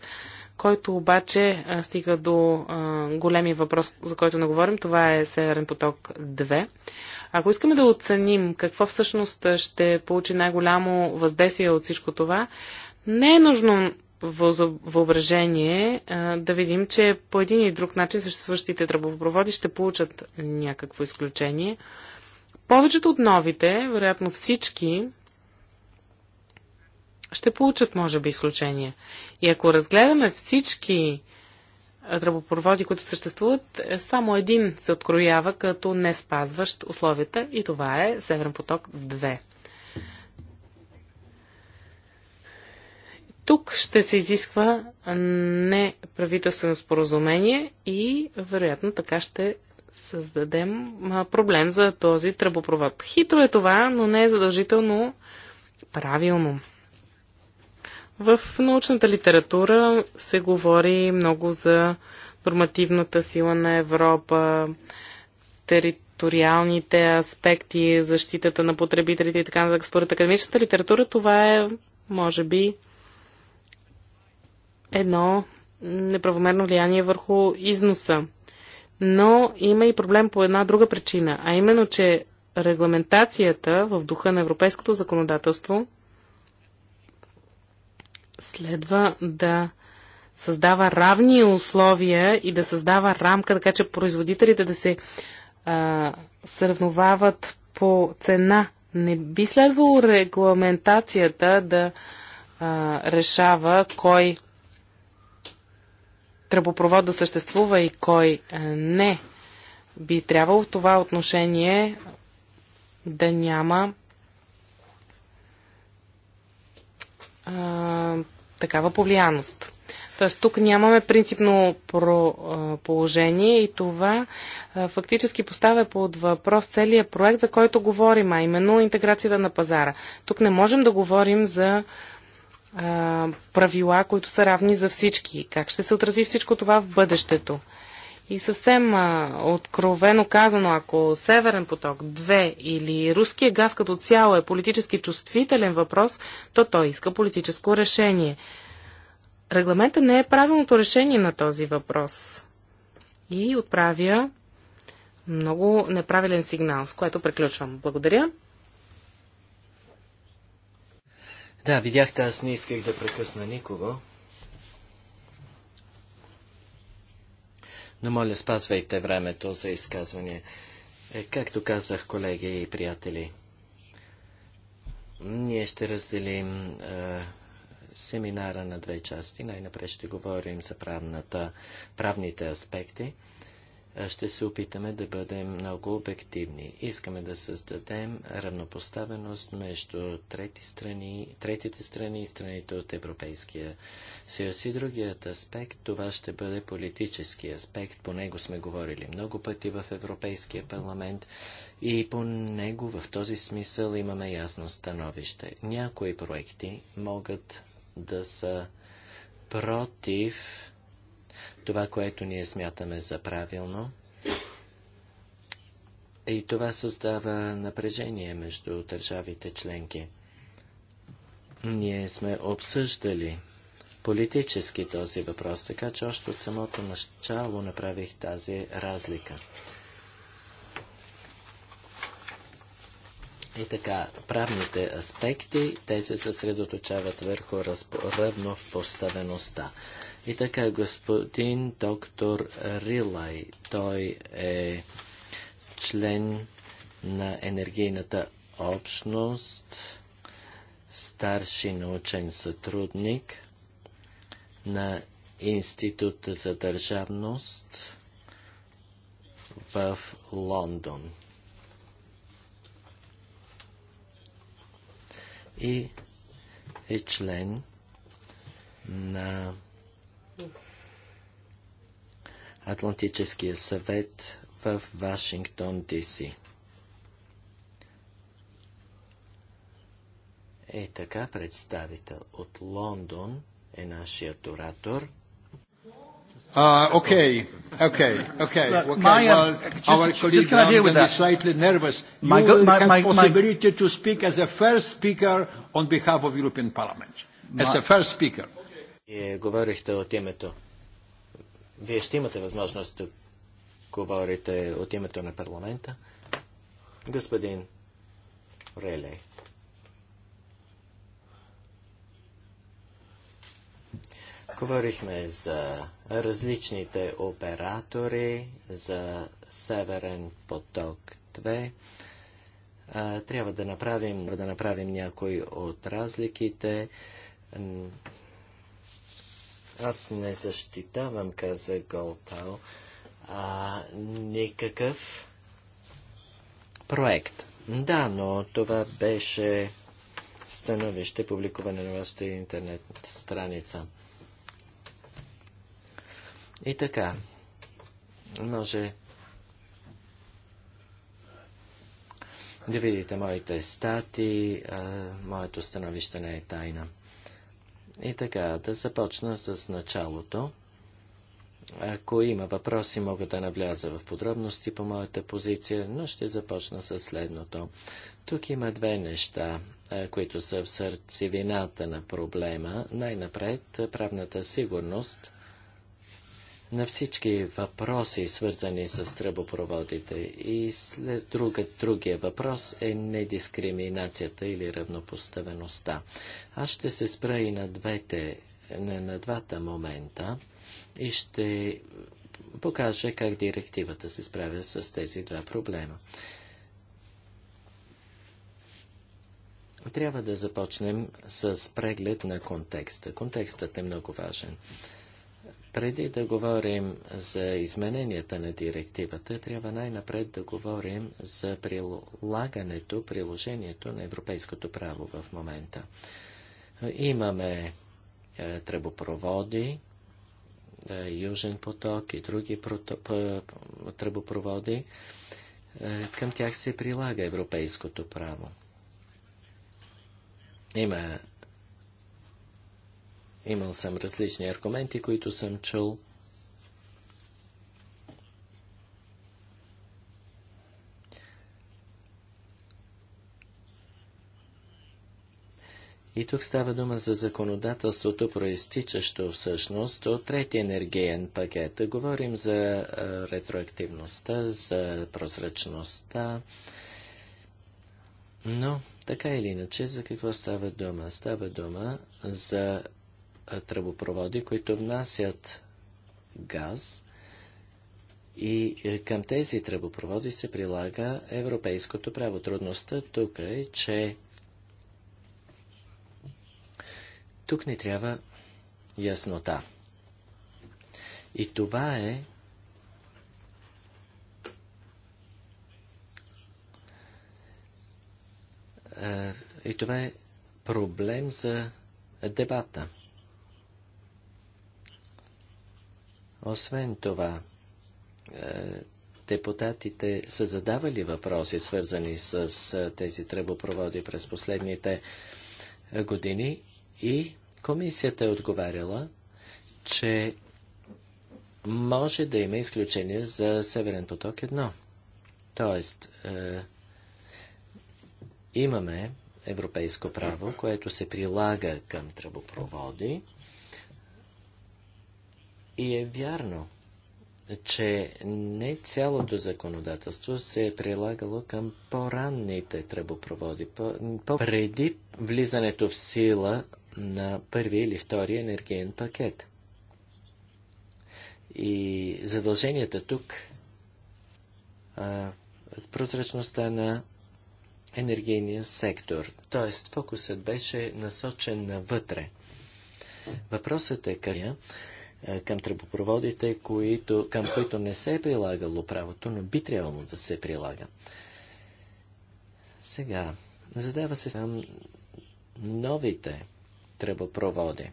Speaker 3: който обаче стига до големи въпрос, за който не говорим. Това е Северен поток 2. Ако искаме да оценим какво всъщност ще получи най-голямо въздействие от всичко това, не е нужно въображение да видим, че по един и друг начин съществуващите тръбопроводи ще получат някакво изключение. Повечето от новите, вероятно всички, ще получат, може би, изключения. И ако разгледаме всички тръбопроводи, които съществуват, е, само един се откроява като не спазващ условията и това е Северен поток 2. Тук ще се изисква неправителствено споразумение и вероятно така ще създадем проблем за този тръбопровод. Хитро е това, но не е задължително правилно. В научната литература се говори много за нормативната сила на Европа, териториалните аспекти, защитата на потребителите и така нататък. Според академичната литература това е, може би, едно неправомерно влияние върху износа но има и проблем по една друга причина, а именно, че регламентацията в духа на европейското законодателство следва да създава равни условия и да създава рамка, така че производителите да се а, сравновават по цена. Не би следвало регламентацията да а, решава кой тръбопровод да съществува и кой е, не, би трябвало в това отношение да няма а, такава повлияност. Тоест тук нямаме принципно про, а, положение и това а, фактически поставя под въпрос целият проект, за който говорим, а именно интеграцията на пазара. Тук не можем да говорим за а, а, правила, които са равни за всички. Как ще се отрази всичко това в бъдещето? И съвсем а, откровено казано, ако Северен поток 2 или руския газ като цяло е политически чувствителен въпрос, то той иска политическо решение. Регламента не е правилното решение на този въпрос. И отправя много неправилен сигнал, с което приключвам. Благодаря.
Speaker 2: Да, видяхте, аз не исках да прекъсна никого. Но моля, спазвайте времето за изказване. Е, както казах, колеги и приятели, ние ще разделим е, семинара на две части. Най-напред ще говорим за правната, правните аспекти. Е, ще се опитаме да бъдем много обективни. Искаме да създадем равнопоставеност между трети страни, третите страни и страните от Европейския съюз. И другият аспект, това ще бъде политически аспект. По него сме говорили много пъти в Европейския парламент и по него в този смисъл имаме ясно становище. Някои проекти могат да са против това, което ние смятаме за правилно. И това създава напрежение между държавите членки. Ние сме обсъждали политически този въпрос, така че още от самото начало направих тази разлика. И така, правните аспекти, те се съсредоточават върху разпоръвно поставеността. И така, господин доктор Рилай, той е член на енергийната общност, старши научен сътрудник на Института за държавност в Лондон. И е член на Атлантическия съвет в Вашингтон, Д.С. Е така, представител от Лондон е нашият оратор.
Speaker 1: Uh, okay, okay, okay. okay. My, uh, well, just, our colleague just deal with that. is slightly nervous. My You will have my, possibility my... to speak as a first speaker on behalf of European Parliament. As my... a first speaker. Вие говорихте от името.
Speaker 2: Вие ще имате възможност да говорите от името на парламента. Господин Реле. Говорихме за различните оператори, за Северен поток 2. Трябва да направим, да направим някои от разликите аз не защитавам, каза Голтал, а, никакъв проект. Да, но това беше становище, публикуване на вашата интернет страница. И така, може да видите моите стати, а, моето становище не е тайна. И така, да започна с началото. Ако има въпроси, мога да навляза в подробности по моята позиция, но ще започна с следното. Тук има две неща, е, които са в сърцевината на проблема. Най-напред е, правната сигурност на всички въпроси, свързани с тръбопроводите. И след друга, другия въпрос е недискриминацията или равнопоставеността. Аз ще се спра и на, двете, на, на двата момента и ще покажа как директивата се справя с тези два проблема. Трябва да започнем с преглед на контекста. Контекстът е много важен. Преди да говорим за измененията на директивата, трябва най-напред да говорим за прилагането, приложението на европейското право в момента. Имаме е, тръбопроводи, е, Южен поток и други протоп, е, тръбопроводи. Към тях се прилага европейското право. Има Имал съм различни аргументи, които съм чул. И тук става дума за законодателството, проистичащо всъщност от третия енергиен пакет. Говорим за ретроактивността, за прозрачността, но така или иначе за какво става дума? Става дума за тръбопроводи, които внасят газ и е, към тези тръбопроводи се прилага европейското право. Трудността тук е, че тук ни трябва яснота. И това е, е и това е проблем за дебата. Освен това, е, депутатите са задавали въпроси, свързани с е, тези тръбопроводи през последните е, години и комисията е отговаряла, че може да има изключение за Северен поток 1. Тоест, е, имаме европейско право, което се прилага към тръбопроводи, и е вярно, че не цялото законодателство се е прилагало към по-ранните тръбопроводи, по, по преди влизането в сила на първи или втори енергиен пакет. И задълженията тук, а, прозрачността на енергийния сектор, т.е. фокусът беше насочен навътре. Въпросът е къде е, към тръбопроводите, които, към които не се е прилагало правото, но би трябвало да се прилага. Сега, задава се към новите тръбопроводи.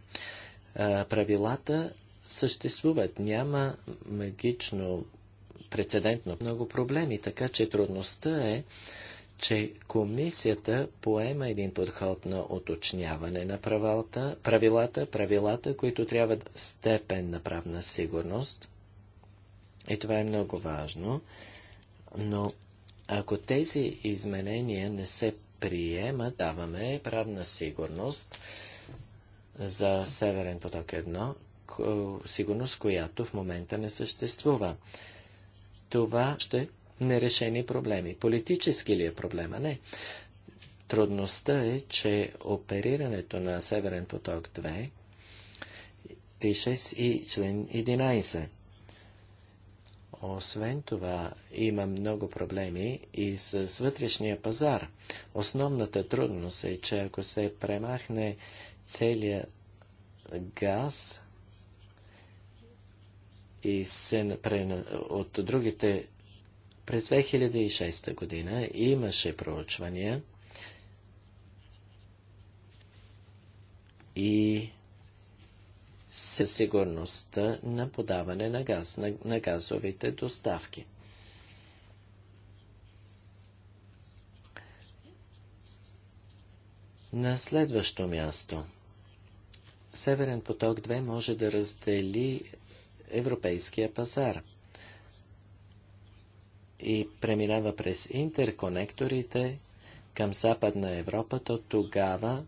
Speaker 2: правилата съществуват. Няма магично прецедентно много проблеми, така че трудността е че комисията поема един подход на уточняване на правилата, правилата, правилата, които трябва степен на правна сигурност. И това е много важно. Но ако тези изменения не се приемат, даваме правна сигурност за Северен поток 1, сигурност, която в момента не съществува. Това ще нерешени проблеми. Политически ли е проблема? Не. Трудността е, че оперирането на Северен поток 2, 36 и член 11. Освен това, има много проблеми и с вътрешния пазар. Основната трудност е, че ако се премахне целият газ и се от другите през 2006 година имаше проучвания и със сигурността на подаване на газ, на, на газовите доставки. На следващо място. Северен поток 2 може да раздели европейския пазар и преминава през интерконекторите към Западна Европа, то тогава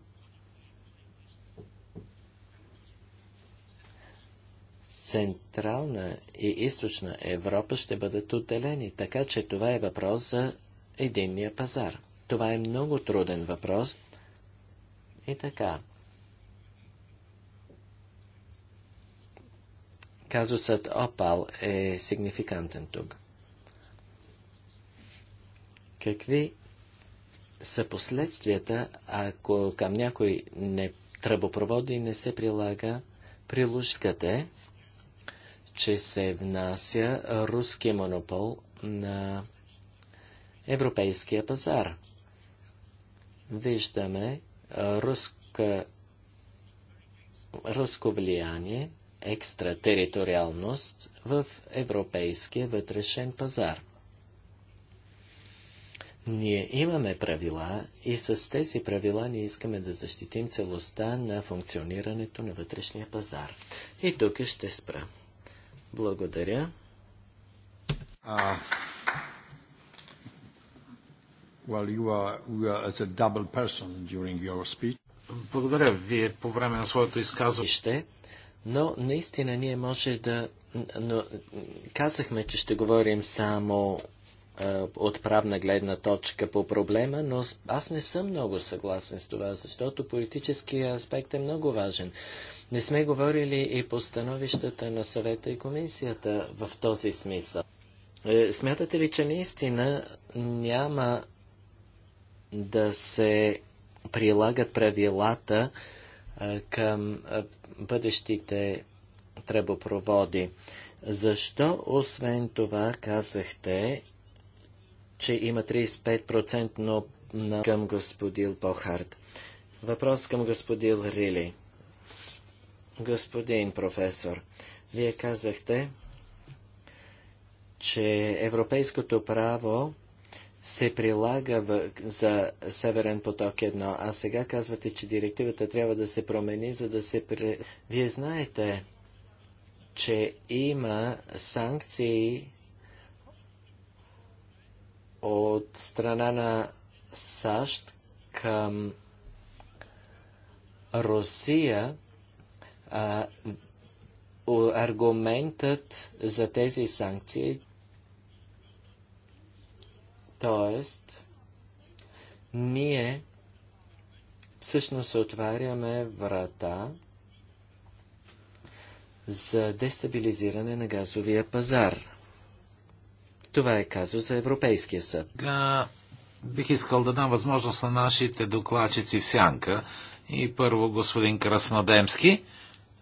Speaker 2: Централна и Източна Европа ще бъдат отделени, така че това е въпрос за единния пазар. Това е много труден въпрос. И така. Казусът Опал е сигнификантен тук. Какви са последствията, ако към някой не тръбопроводи не се прилага приложката, че се внася руски монопол на европейския пазар. Виждаме руска, руско влияние, екстратериториалност в европейския вътрешен пазар. Ние имаме правила и с тези правила ние искаме да защитим целостта на функционирането на вътрешния пазар. И тук ще спра.
Speaker 1: Благодаря. А... well, you are, you are as a double person during your speech. Благодаря вие по време на своето изказване. но наистина ние може да...
Speaker 2: Но казахме, че ще говорим само от правна гледна точка по проблема, но аз не съм много съгласен с това, защото политическия аспект е много важен. Не сме говорили и по становищата на съвета и комисията в този смисъл. Е, смятате ли, че наистина няма да се прилагат правилата към бъдещите тръбопроводи? Защо, освен това, казахте, че има 35% на... към господин Похард. Въпрос към господин Рили. Господин професор, вие казахте, че европейското право се прилага в, за Северен поток 1, а сега казвате, че директивата трябва да се промени, за да се... Вие знаете, че има санкции от страна на САЩ към Русия а, аргументът за тези санкции, т.е. ние всъщност отваряме врата за дестабилизиране на
Speaker 1: газовия пазар. Това е казо за Европейския съд. Га, бих искал да дам възможност на нашите докладчици в сянка. И първо господин Краснодемски.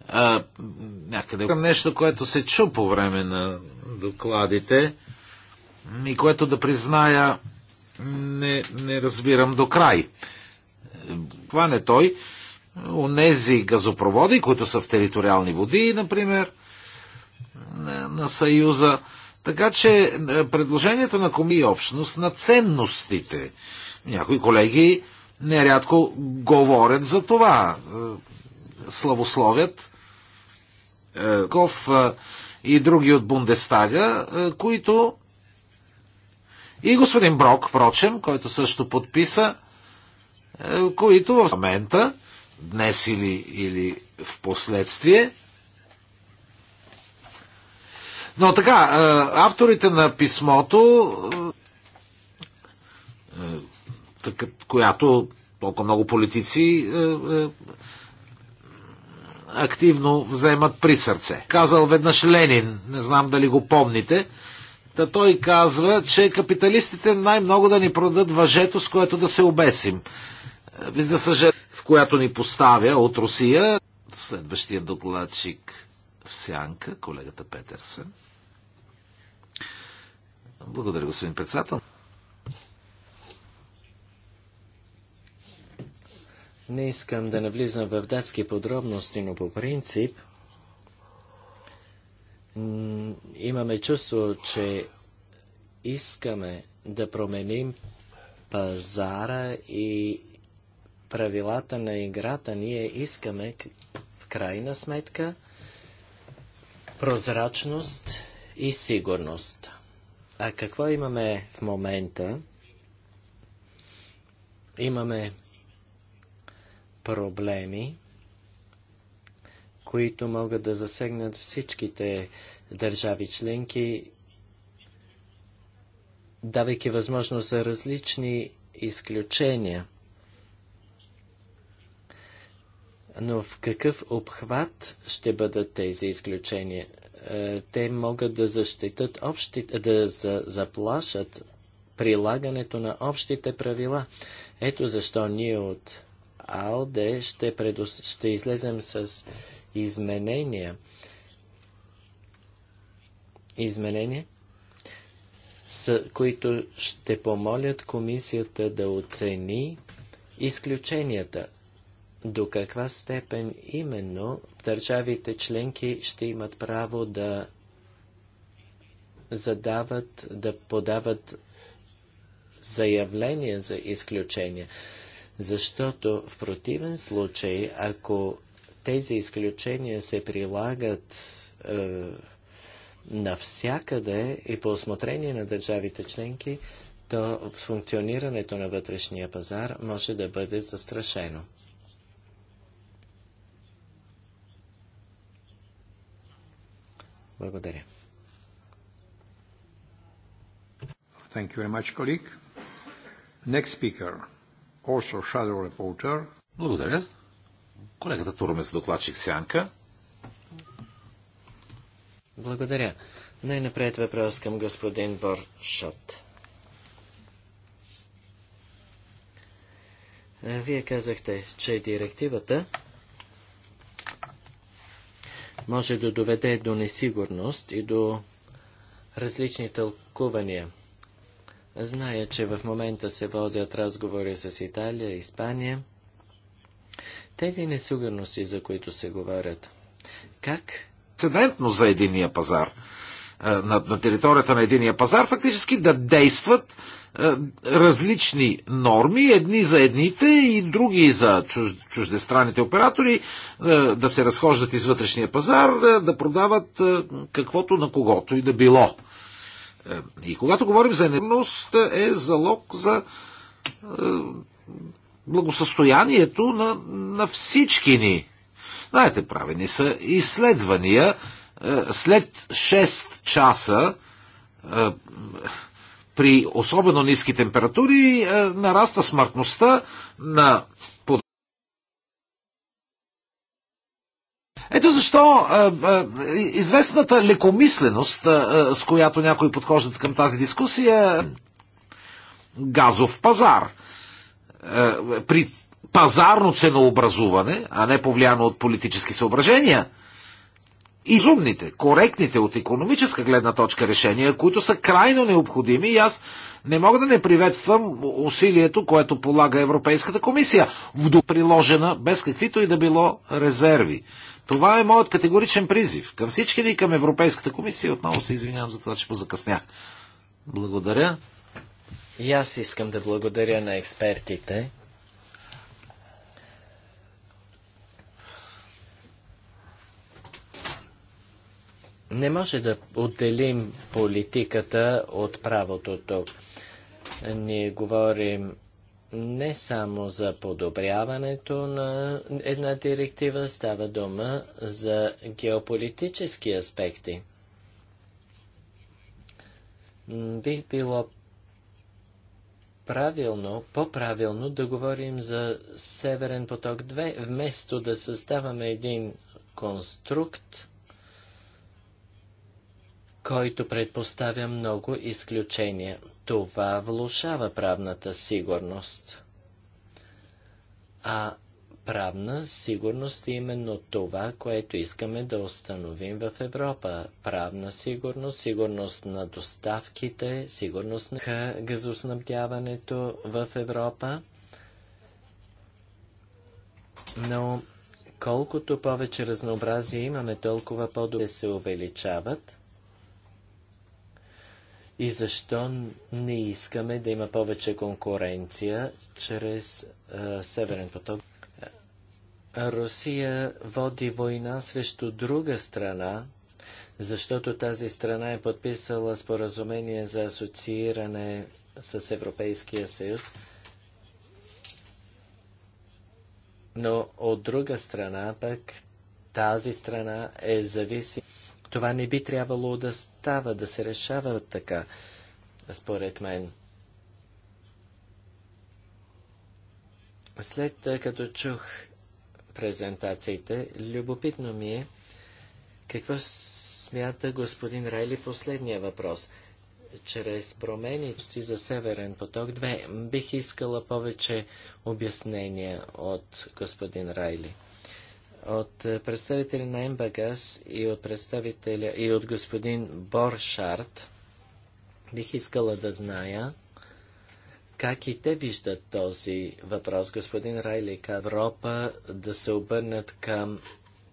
Speaker 1: А, някъде към нещо, което се чу по време на докладите и което да призная не, не разбирам до край. Това не той. Онези газопроводи, които са в териториални води, например, на, на Съюза, така че е, предложението на коми общност на ценностите. Някои колеги нерядко говорят за това. Е, славословят е, Ков и други от Бундестага, които и господин Брок, прочем, който също подписа, които в момента, днес или, или в последствие, но така, е, авторите на писмото, е, е, която толкова много политици активно вземат при сърце. Казал веднъж Ленин, не знам дали го помните, Та той казва, че капиталистите най-много да ни продадат въжето, с което да се обесим. За съжаление, в която ни поставя от Русия следващия докладчик в сянка, колегата Петърсен. Благодаря, господин председател. Не искам да навлизам
Speaker 2: в датски подробности, но по принцип имаме чувство, че искаме да променим пазара и правилата на играта. Ние искаме в крайна сметка прозрачност и сигурност. А какво имаме в момента? Имаме проблеми, които могат да засегнат всичките държави членки, давайки възможност за различни изключения. Но в какъв обхват ще бъдат тези изключения? Е, те могат да защитат общите, да заплашат прилагането на общите правила. Ето защо ние от АЛДЕ ще, предос... ще излезем с изменения. Изменения, с които ще помолят комисията да оцени изключенията до каква степен именно държавите членки ще имат право да задават, да подават заявления за изключения. Защото в противен случай, ако тези изключения се прилагат е, навсякъде и по осмотрение на държавите членки, то функционирането на вътрешния пазар може да бъде застрашено.
Speaker 1: Благодаря. Thank you very much, colleague. Next speaker, also shadow reporter. Благодаря. Колегата Турмес, докладчик Сянка.
Speaker 2: Благодаря. Най-напред въпрос към господин Боршот. Вие казахте, че директивата може да доведе до несигурност и до различни тълкувания. Зная, че в момента се водят разговори с Италия, Испания. Тези несигурности, за които се говорят,
Speaker 1: как? Прецедентно за единия пазар, е, на, на територията на единия пазар, фактически да действат е, различни норми, едни за едните и други за чуждестранните оператори, е, да се разхождат из вътрешния пазар, е, да продават каквото на когото и да било. И когато говорим за енергност, е залог за благосъстоянието на, на всички ни. Знаете, правени са изследвания след 6 часа при особено ниски температури е, нараста смъртността на Ето защо а, е, а, е, известната лекомисленост, а, с която някои подхождат към тази дискусия, газов пазар. При пазарно ценообразуване, а не повлияно от политически съображения, изумните, коректните от економическа гледна точка решения, които са крайно необходими и аз не мога да не приветствам усилието, което полага Европейската комисия, в доприложена, без каквито и да било резерви. Това е моят категоричен призив към всички ни към Европейската комисия. Отново се извинявам за това, че позакъснях. Благодаря. И аз искам
Speaker 2: да благодаря на експертите. Не може да отделим политиката от правото тук. Ние говорим не само за подобряването на една директива, става дума за геополитически аспекти. Би било правилно, по-правилно да говорим за Северен поток 2, вместо да създаваме един конструкт, който предпоставя много изключения. Това влушава правната сигурност. А правна сигурност е именно това, което искаме да установим в Европа. Правна сигурност, сигурност на доставките, сигурност на газоснабдяването в Европа. Но колкото повече разнообразие имаме, толкова по-добре се увеличават – и защо не искаме да има повече конкуренция чрез е, Северен поток. Русия води война срещу друга страна, защото тази страна е подписала споразумение за асоцииране с Европейския съюз. Но от друга страна пък тази страна е зависима това не би трябвало да става, да се решава така, според мен. След като чух презентациите, любопитно ми е какво смята господин Райли последния въпрос. Чрез променици за Северен поток 2 бих искала повече обяснения от господин Райли от е, представители на МБГС и от представителя и от господин Боршарт бих искала да зная как и те виждат този въпрос, господин Райлик, Европа да се обърнат към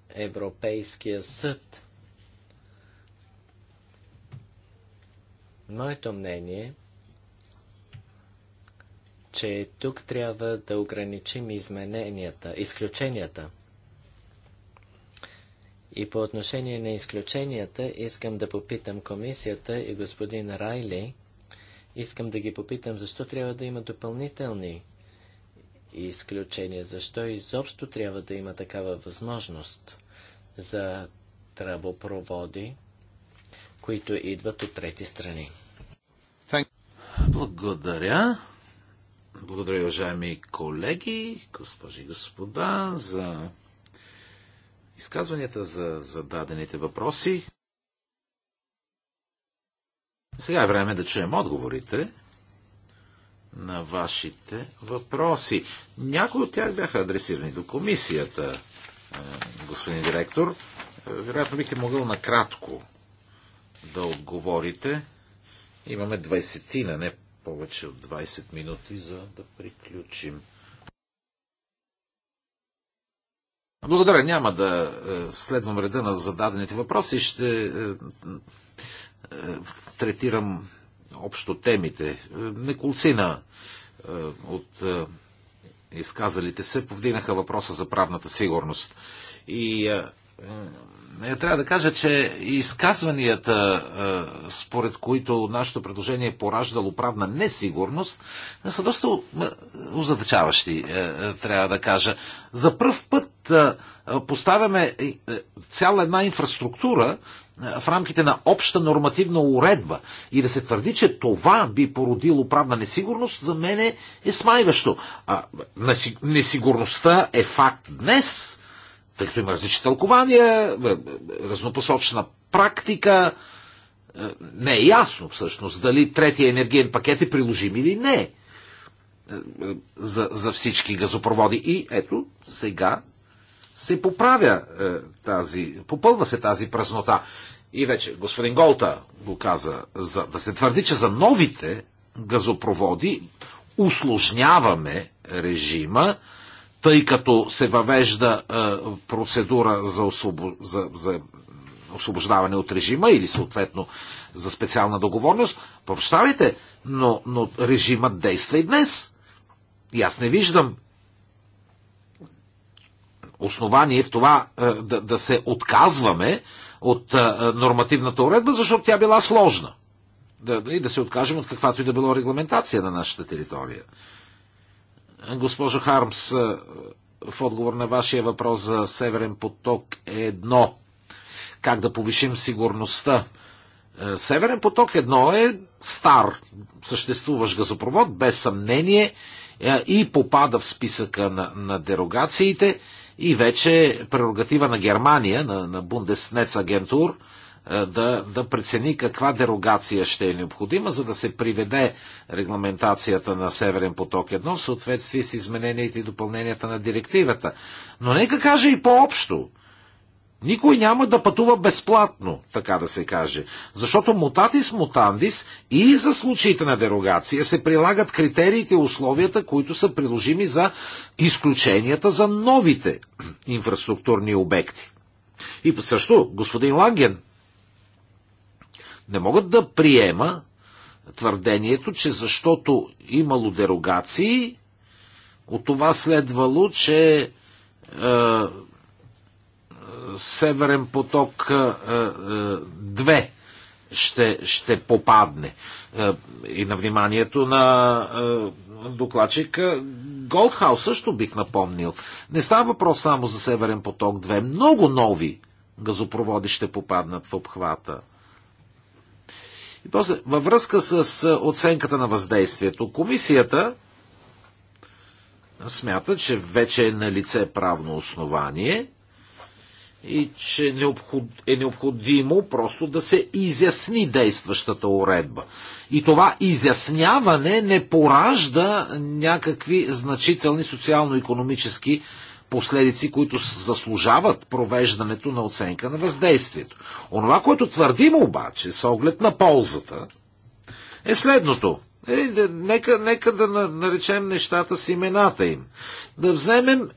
Speaker 2: Европейския съд. Моето мнение че тук трябва да ограничим измененията, изключенията – и по отношение на изключенията, искам да попитам комисията и господин Райли, искам да ги попитам, защо трябва да има допълнителни изключения, защо изобщо трябва да има такава възможност за тръбопроводи,
Speaker 1: които идват от трети страни. Благодаря. Благодаря, уважаеми колеги, госпожи и господа, за изказванията за зададените въпроси. Сега е време да чуем отговорите на вашите въпроси. Някои от тях бяха адресирани до комисията, е, господин директор. Е, вероятно бихте могъл накратко да отговорите. Имаме 20 на не повече от 20 минути, за да приключим. Благодаря. Няма да е, следвам реда на зададените въпроси. Ще е, е, третирам общо темите. Неколцина от изказалите се повдинаха въпроса за правната сигурност. И е, трябва да кажа, че изказванията, е, според които нашето предложение е пораждало правна несигурност, са доста е, озадачаващи, трябва да кажа. За първ път поставяме цяла една инфраструктура в рамките на обща нормативна уредба и да се твърди, че това би породило правна несигурност, за мен е смайващо. А, несигурността е факт днес тъй като има различни тълкования, е, е, разнопосочна практика. Е, не е ясно всъщност дали третия енергиен пакет е приложим или не за, за всички газопроводи. И ето, сега се поправя тази, попълва се тази празнота. И вече господин Голта го каза, за, да се твърди, че за новите газопроводи усложняваме режима, тъй като се въвежда е, процедура за, освобо... за, за освобождаване от режима или съответно за специална договорност, прощавайте, но, но режимът действа и днес. И аз не виждам основание в това е, да, да се отказваме от е, нормативната уредба, защото тя била сложна. Да, и да се откажем от каквато и да било регламентация на нашата територия. Госпожо Хармс, е, в отговор на вашия въпрос за Северен поток е едно. Как да повишим сигурността? Е, Северен поток едно е стар, съществуващ газопровод, без съмнение, е, и попада в списъка на, на дерогациите и вече прерогатива на Германия, на, на Бундеснец агентур, е, да, да прецени каква дерогация ще е необходима, за да се приведе регламентацията на Северен поток 1 в съответствие с измененията и допълненията на директивата. Но нека каже и по-общо. Никой няма да пътува безплатно, така да се каже. Защото мутатис мутандис и за случаите на дерогация се прилагат критериите и условията, които са приложими за изключенията за новите инфраструктурни обекти. И също господин Ланген не могат да приема твърдението, че защото имало дерогации, от това следвало, че е, е Северен поток 2 е, е, ще, ще попадне. Е, и на вниманието на е, докладчика Голдхаус също бих напомнил. Не става въпрос само за Северен поток 2. Много нови газопроводи ще попаднат в обхвата. И после, във връзка с оценката на въздействието, комисията смята, че вече е на лице правно основание и че е необходимо просто да се изясни действащата уредба. И това изясняване не поражда някакви значителни социално-економически последици, които заслужават провеждането на оценка на въздействието. Онова, което твърдим обаче, с оглед на ползата, е следното. Е, нека, нека да наречем нещата с имената им. Да вземем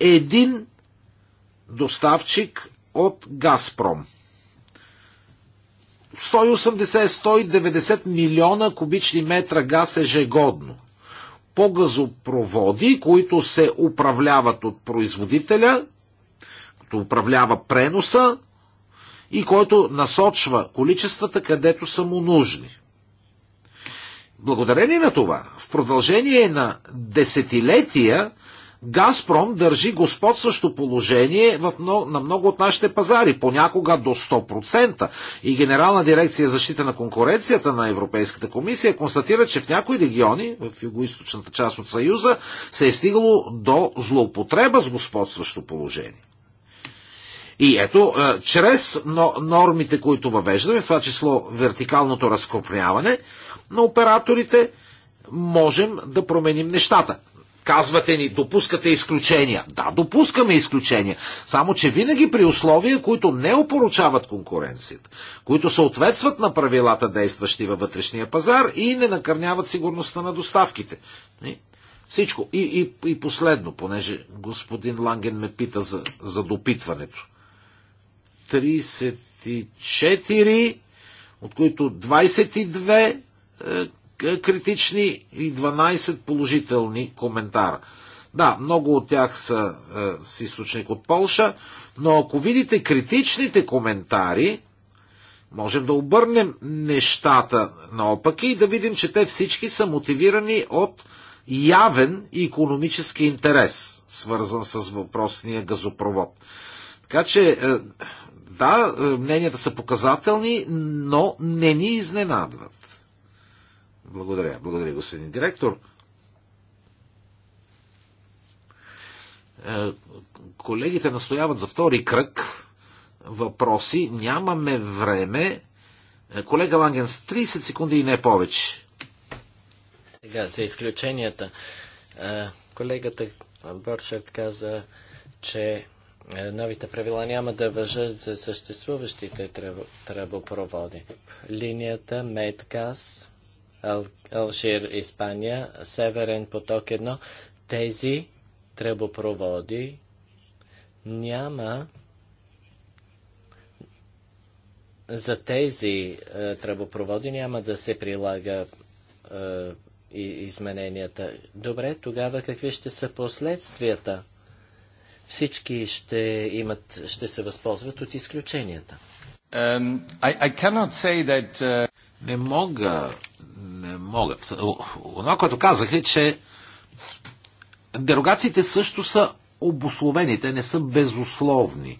Speaker 1: един доставчик от Газпром. 180-190 милиона кубични метра газ ежегодно по газопроводи, които се управляват от производителя, като управлява преноса и който насочва количествата където са му нужни. Благодарение на това, в продължение на десетилетия Газпром държи господстващо положение в много, на много от нашите пазари, понякога до 100%. И Генерална дирекция защита на конкуренцията на Европейската комисия констатира, че в някои региони, в югоисточната част от Съюза, се е стигало до злоупотреба с господстващо положение. И ето, е, чрез нормите, които въвеждаме, в това число вертикалното разкопняване на операторите, можем да променим нещата казвате ни, допускате изключения. Да, допускаме изключения. Само, че винаги при условия, които не опоручават конкуренцията, които съответстват на правилата, действащи във вътрешния пазар и не накърняват сигурността на доставките. Всичко. И, и, и последно, понеже господин Ланген ме пита за, за допитването. 34, от които 22 е, критични и 12 положителни коментара. Да, много от тях са е, с източник от Полша, но ако видите критичните коментари, можем да обърнем нещата наопаки и да видим, че те всички са мотивирани от явен економически интерес, свързан с въпросния газопровод. Така че, е, да, е, мненията са показателни, но не ни изненадват. Благодаря. Благодаря, господин директор. Е, колегите настояват за втори кръг въпроси. Нямаме време. Е, колега Ланген, с 30 секунди и не повече.
Speaker 2: Сега, за изключенията. Е, колегата Боршерт каза, че новите правила няма да въжат за съществуващите тръбопроводи. Линията Медгаз Ал- Алжир, Испания, Северен поток 1, тези тръбопроводи няма за тези е, тръбопроводи няма да се прилага е, измененията. Добре, тогава какви ще са последствията? Всички ще,
Speaker 1: имат, ще се възползват от изключенията. Um, I, I that, uh... Не мога, не мога. Оно, което казах е, че дерогациите също са обословени, те не са безусловни.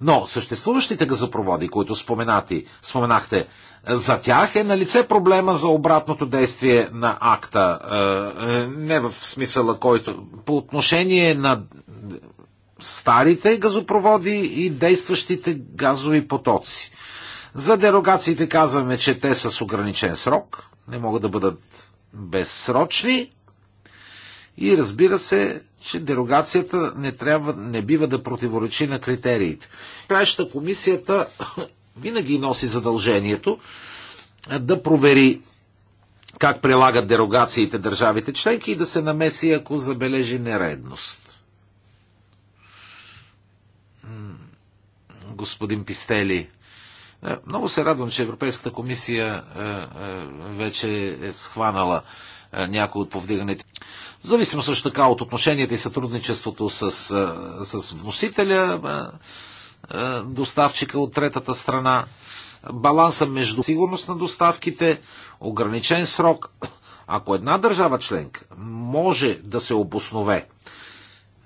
Speaker 1: Но съществуващите газопроводи, които споменати, споменахте, за тях е на лице проблема за обратното действие на акта. Е, е, не в смисъла, който по отношение на старите газопроводи и действащите газови потоци. За дерогациите казваме, че те са с ограничен срок, не могат да бъдат безсрочни и разбира се, че дерогацията не, трябва, не бива да противоречи на критериите. Краища комисията винаги носи задължението да провери как прилагат дерогациите държавите членки и да се намеси, ако забележи нередност. господин Пистели. Е, много се радвам, че Европейската комисия е, е, вече е схванала някои от повдиганите. Зависимо също така от отношенията и сътрудничеството с, с вносителя, доставчика от третата страна, баланса между сигурност на доставките, ограничен срок. Ако една държава членка може да се обоснове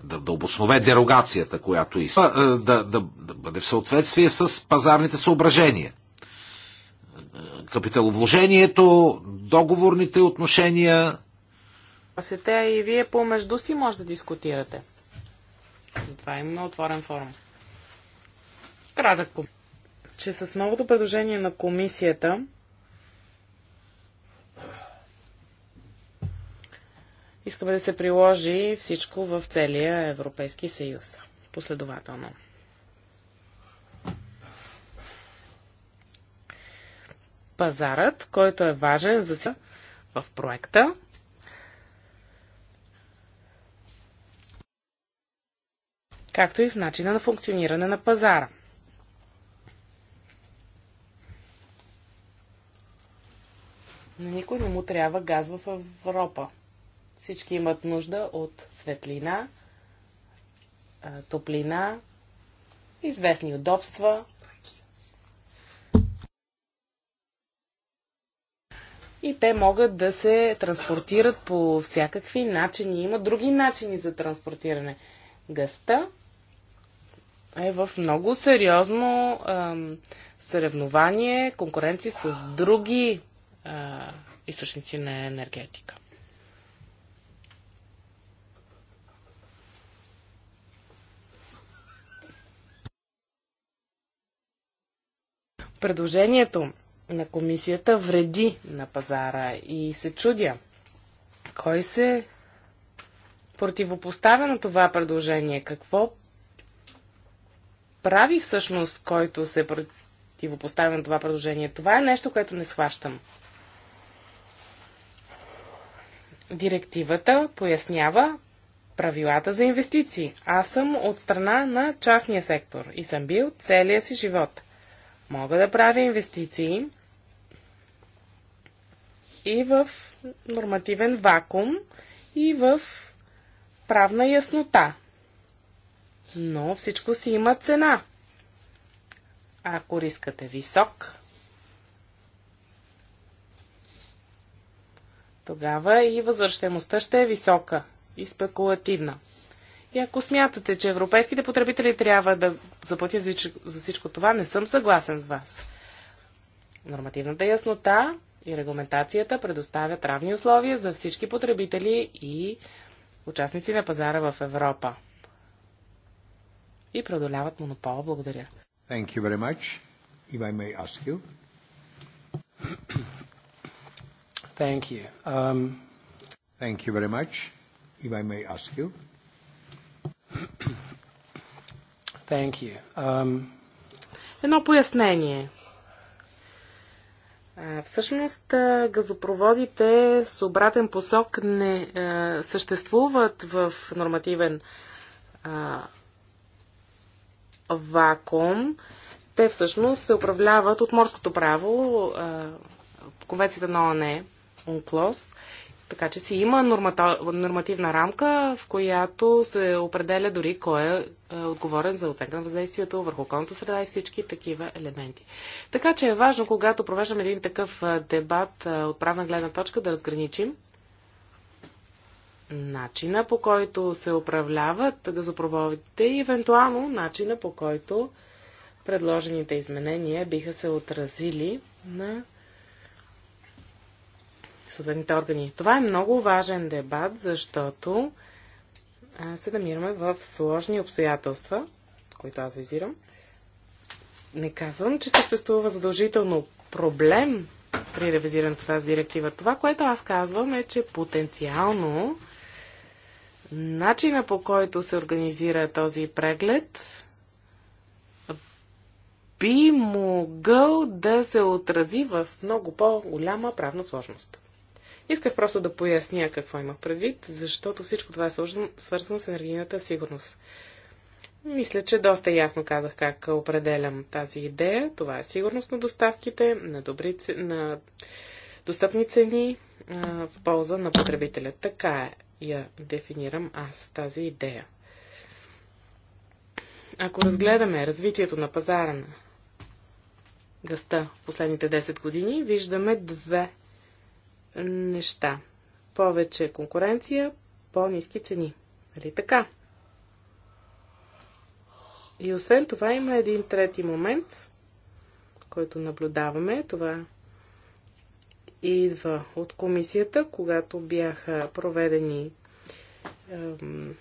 Speaker 1: да, да обоснове дерогацията, която иска, е, да, да, да бъде в съответствие с пазарните съображения. Капиталовложението, договорните отношения.
Speaker 3: Сете и вие помежду си може да дискутирате. Затова имаме отворен форум. Крадък. Че с новото предложение на комисията Искаме да се приложи всичко в целия Европейски съюз. Последователно. Пазарът, който е важен за в проекта, както и в начина на функциониране на пазара. Но никой не му трябва газ в Европа. Всички имат нужда от светлина, топлина, известни удобства. И те могат да се транспортират по всякакви начини. Има други начини за транспортиране. Гъста е в много сериозно ам, съревнование, конкуренция с други а, източници на енергетика. предложението на комисията вреди на пазара и се чудя. Кой се противопоставя на това предложение? Какво прави всъщност, който се противопоставя на това предложение? Това е нещо, което не схващам. Директивата пояснява правилата за инвестиции. Аз съм от страна на частния сектор и съм бил целия си живот – Мога да правя инвестиции и в нормативен вакуум, и в правна яснота. Но всичко си има цена. Ако рискът е висок, тогава и възвръщаемостта ще е висока и спекулативна. И ако смятате, че европейските потребители трябва да заплатят за, всичко това, не съм съгласен с вас. Нормативната яснота и регламентацията предоставят равни условия за всички потребители и участници на пазара в Европа. И преодоляват монопола. Благодаря.
Speaker 1: Thank you very much. If I may ask you. Thank you. Um... Thank you very much. If I may ask you. Thank you.
Speaker 3: Um... Едно пояснение. Всъщност газопроводите с обратен посок не а, съществуват в нормативен а, вакуум. Те всъщност се управляват от морското право, а, конвенцията на ОНЕ, УНКЛОС, така че си има нормата, нормативна рамка, в която се определя дори кой е, е отговорен за оценка на въздействието върху околната среда и всички такива елементи. Така че е важно, когато провеждаме един такъв е, дебат е, от правна гледна точка, да разграничим начина по който се управляват газопроводите и евентуално начина по който предложените изменения биха се отразили на съдебните органи. Това е много важен дебат, защото се намираме в сложни обстоятелства, които аз визирам. Не казвам, че съществува задължително проблем при ревизирането тази директива. Това, което аз казвам е, че потенциално начина по който се организира този преглед би могъл да се отрази в много по-голяма правна сложност. Исках просто да поясня какво има предвид, защото всичко това е свързано с енергийната сигурност. Мисля, че доста ясно казах как определям тази идея. Това е сигурност на доставките, на, добри, на достъпни цени а, в полза на потребителя. Така е, я дефинирам аз тази идея. Ако разгледаме развитието на пазара на гъста в последните 10 години, виждаме две неща. Повече конкуренция, по-низки цени. Нали така? И освен това има един трети момент, който наблюдаваме. Това идва от комисията, когато бяха проведени ем,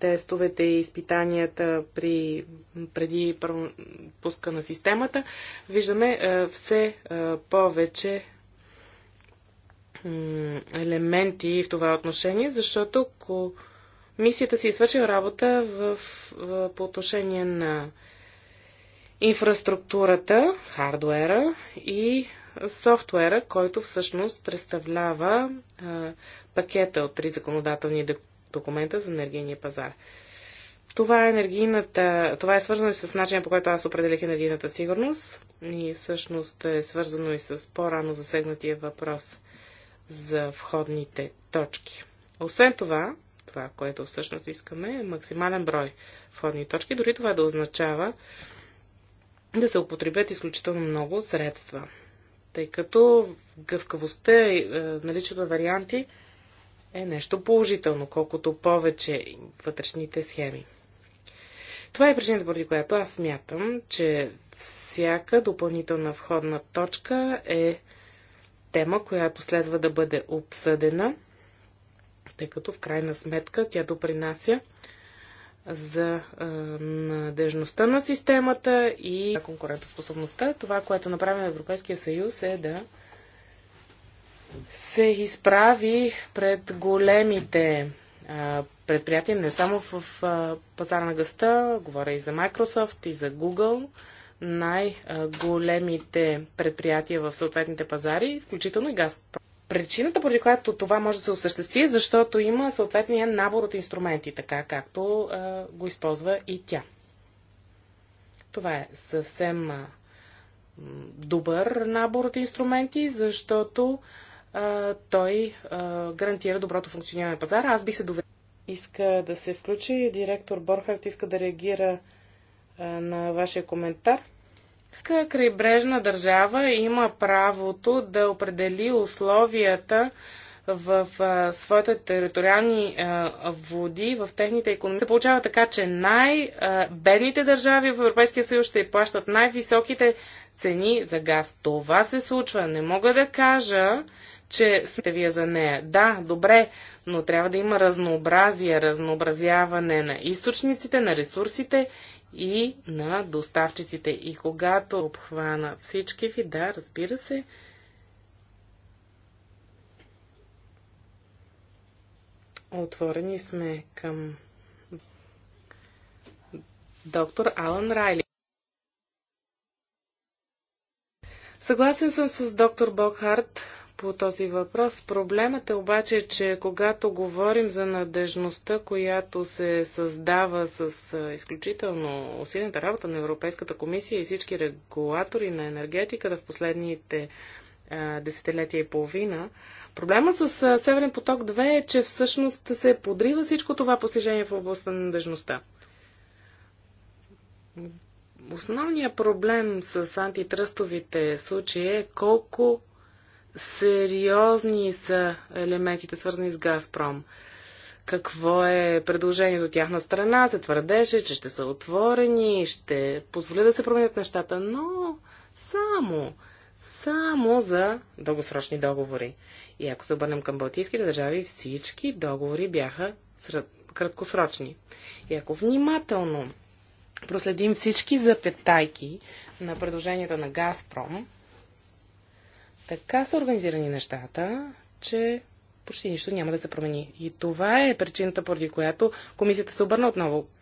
Speaker 3: тестовете и изпитанията при, преди пуска на системата, виждаме е, все е, повече елементи в това отношение, защото мисията си извършила работа в, в, по отношение на инфраструктурата, хардуера и софтуера, който всъщност представлява а, пакета от три законодателни документа за енергийния пазар. Това е, енергийната, това е свързано и с начина по който аз определих енергийната сигурност и всъщност е свързано и с по-рано засегнатия въпрос за входните точки. Освен това, това, което всъщност искаме, е максимален брой входни точки. Дори това да означава да се употребят изключително много средства. Тъй като гъвкавостта и е, наличието на варианти е нещо положително, колкото повече вътрешните схеми. Това е причината, поради която аз смятам, че всяка допълнителна входна точка е тема, която следва да бъде обсъдена, тъй като в крайна сметка тя допринася за е, надежността на системата и конкурентоспособността. Това, което направи Европейския съюз е да се изправи пред големите е, предприятия, не само в а, пазара на гъста, говоря и за Microsoft, и за Google, най-големите предприятия в съответните пазари, включително и газ. Причината, поради която това може да се осъществи, е защото има съответния набор от инструменти, така както а, го използва и тя. Това е съвсем а, добър набор от инструменти, защото а, той а, гарантира доброто функциониране на пазара. Аз би се доверил. Иска да се включи. Директор Борхарт иска да реагира а, на вашия коментар. Всяка крайбрежна държава има правото да определи условията в а, своите териториални а, води, в техните економики. Се получава така, че най-бедните държави в Европейския съюз ще плащат най-високите цени за газ. Това се случва. Не мога да кажа, че сте вие за нея. Да, добре, но трябва да има разнообразие, разнообразяване на източниците, на ресурсите и на доставчиците. И когато обхвана всички ви, да, разбира се, отворени сме към доктор Алан Райли. Съгласен съм с доктор Бокхарт по този въпрос. Проблемът е обаче, че когато говорим за надежността, която се създава с изключително усилената работа на Европейската комисия и всички регулатори на енергетиката в последните десетилетия и половина, проблема с Северен поток 2 е, че всъщност се подрива всичко това постижение в областта на надежността. Основният проблем с антитръстовите случаи е колко сериозни са елементите, свързани с Газпром. Какво е предложението от тяхна страна? Се твърдеше, че ще са отворени, ще позволя да се променят нещата, но само, само за дългосрочни договори. И ако се обърнем към Балтийските държави, всички договори бяха краткосрочни. И ако внимателно проследим всички запетайки на предложенията на Газпром, така са организирани нещата, че почти нищо няма да се промени. И това е причината, поради която комисията се обърна отново